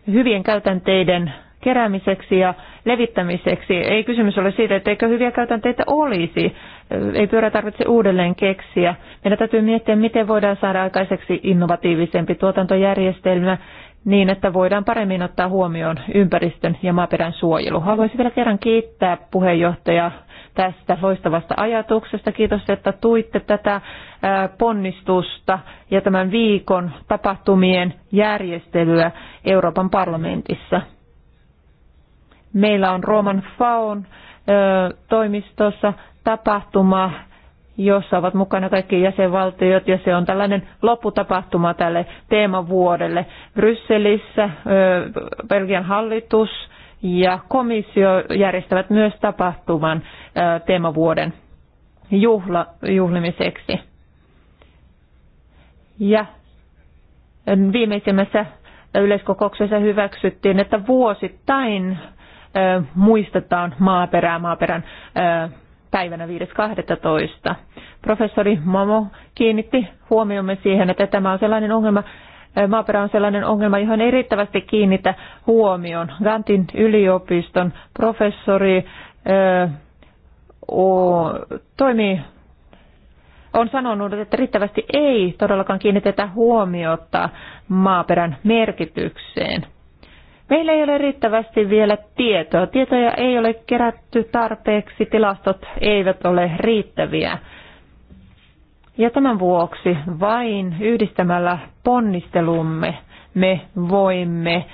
hyvien käytänteiden keräämiseksi ja levittämiseksi. Ei kysymys ole siitä, etteikö hyviä käytänteitä olisi. Ei pyörä tarvitse uudelleen keksiä. Meidän täytyy miettiä, miten voidaan saada aikaiseksi innovatiivisempi tuotantojärjestelmä niin, että voidaan paremmin ottaa huomioon ympäristön ja maaperän suojelu. Haluaisin vielä kerran kiittää puheenjohtaja tästä loistavasta ajatuksesta. Kiitos, että tuitte tätä ponnistusta ja tämän viikon tapahtumien järjestelyä Euroopan parlamentissa. Meillä on Roman Faun toimistossa tapahtuma, jossa ovat mukana kaikki jäsenvaltiot ja se on tällainen lopputapahtuma tälle teemavuodelle. Brysselissä Belgian hallitus ja komissio järjestävät myös tapahtuman teemavuoden juhla, juhlimiseksi. Ja viimeisimmässä yleiskokouksessa hyväksyttiin, että vuosittain muistetaan maaperää maaperän päivänä 5.12. Professori Momo kiinnitti huomiomme siihen, että tämä on sellainen ongelma, maaperä on sellainen ongelma, johon ei riittävästi kiinnitä huomioon. Gantin yliopiston professori toimii on sanonut, että riittävästi ei todellakaan kiinnitetä huomiota maaperän merkitykseen. Meillä ei ole riittävästi vielä tietoa. Tietoja ei ole kerätty tarpeeksi, tilastot eivät ole riittäviä. Ja tämän vuoksi vain yhdistämällä ponnistelumme me voimme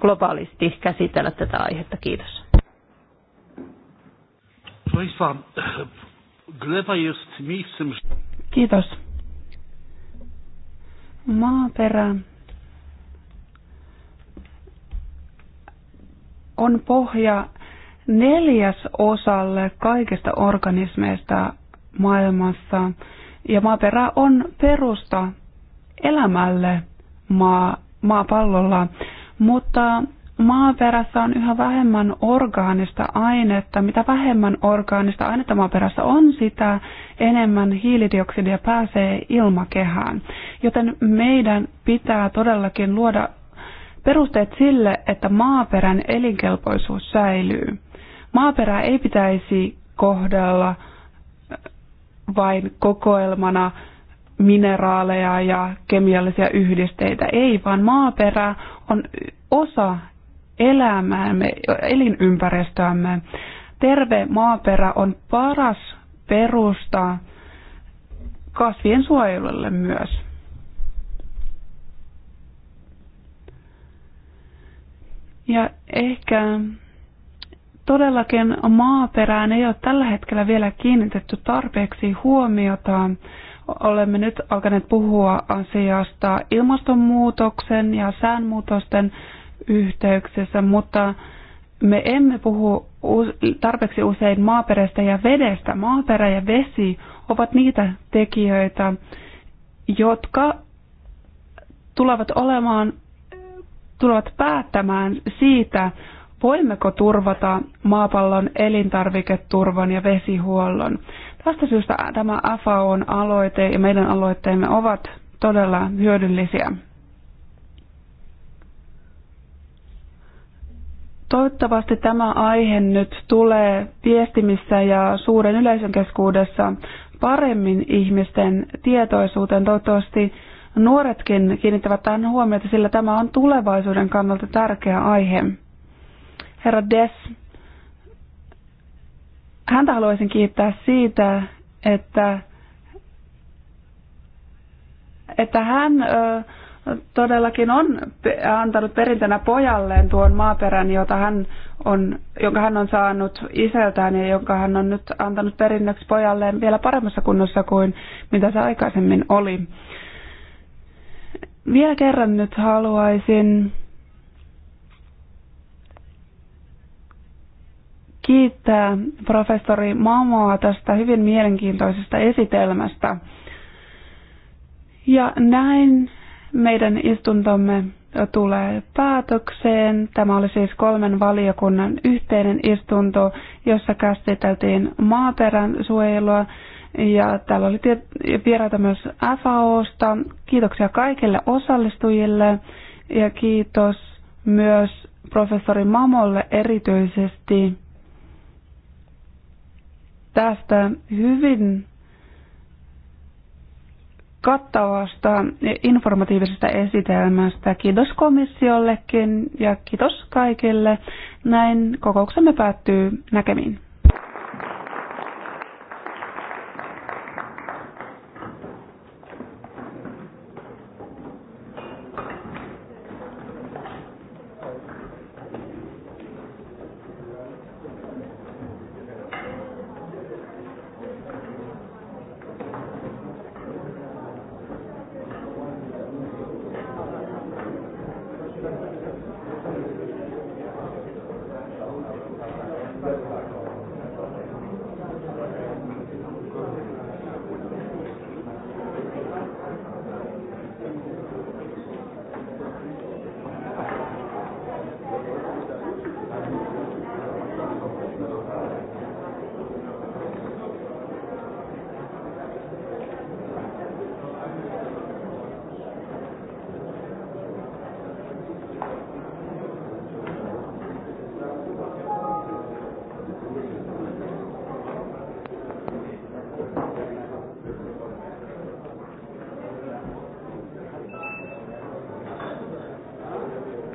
globaalisti käsitellä tätä aihetta. Kiitos. Kiitos. Maaperä on pohja neljäs osalle kaikista organismeista maailmassa. Ja maaperä on perusta elämälle maa, maapallolla, mutta maaperässä on yhä vähemmän orgaanista ainetta. Mitä vähemmän orgaanista ainetta maaperässä on, sitä enemmän hiilidioksidia pääsee ilmakehään. Joten meidän pitää todellakin luoda perusteet sille, että maaperän elinkelpoisuus säilyy. Maaperää ei pitäisi kohdella vain kokoelmana mineraaleja ja kemiallisia yhdisteitä. Ei, vaan maaperä on osa elämäämme, elinympäristöämme. Terve maaperä on paras perusta kasvien suojelulle myös. Ja ehkä todellakin maaperään ei ole tällä hetkellä vielä kiinnitetty tarpeeksi huomiota. Olemme nyt alkaneet puhua asiasta ilmastonmuutoksen ja säänmuutosten yhteyksessä mutta me emme puhu tarpeeksi usein maaperästä ja vedestä. Maaperä ja vesi ovat niitä tekijöitä, jotka tulevat olemaan, tulevat päättämään siitä, voimmeko turvata maapallon elintarviketurvan ja vesihuollon. Tästä syystä tämä FAOn aloite ja meidän aloitteemme ovat todella hyödyllisiä. Toivottavasti tämä aihe nyt tulee viestimissä ja suuren yleisön keskuudessa paremmin ihmisten tietoisuuteen. Toivottavasti nuoretkin kiinnittävät tähän huomiota, sillä tämä on tulevaisuuden kannalta tärkeä aihe herra Des. Häntä haluaisin kiittää siitä, että, että hän ö, todellakin on antanut perintönä pojalleen tuon maaperän, jota hän on, jonka hän on saanut isältään ja jonka hän on nyt antanut perinnöksi pojalleen vielä paremmassa kunnossa kuin mitä se aikaisemmin oli. Vielä kerran nyt haluaisin kiittää professori Mamoa tästä hyvin mielenkiintoisesta esitelmästä. Ja näin meidän istuntomme tulee päätökseen. Tämä oli siis kolmen valiokunnan yhteinen istunto, jossa käsiteltiin maaperän suojelua. Ja täällä oli vieraita myös FAOsta. Kiitoksia kaikille osallistujille ja kiitos myös professori Mamolle erityisesti tästä hyvin kattavasta informatiivisesta esitelmästä. Kiitos komissiollekin ja kiitos kaikille. Näin kokouksemme päättyy näkemiin.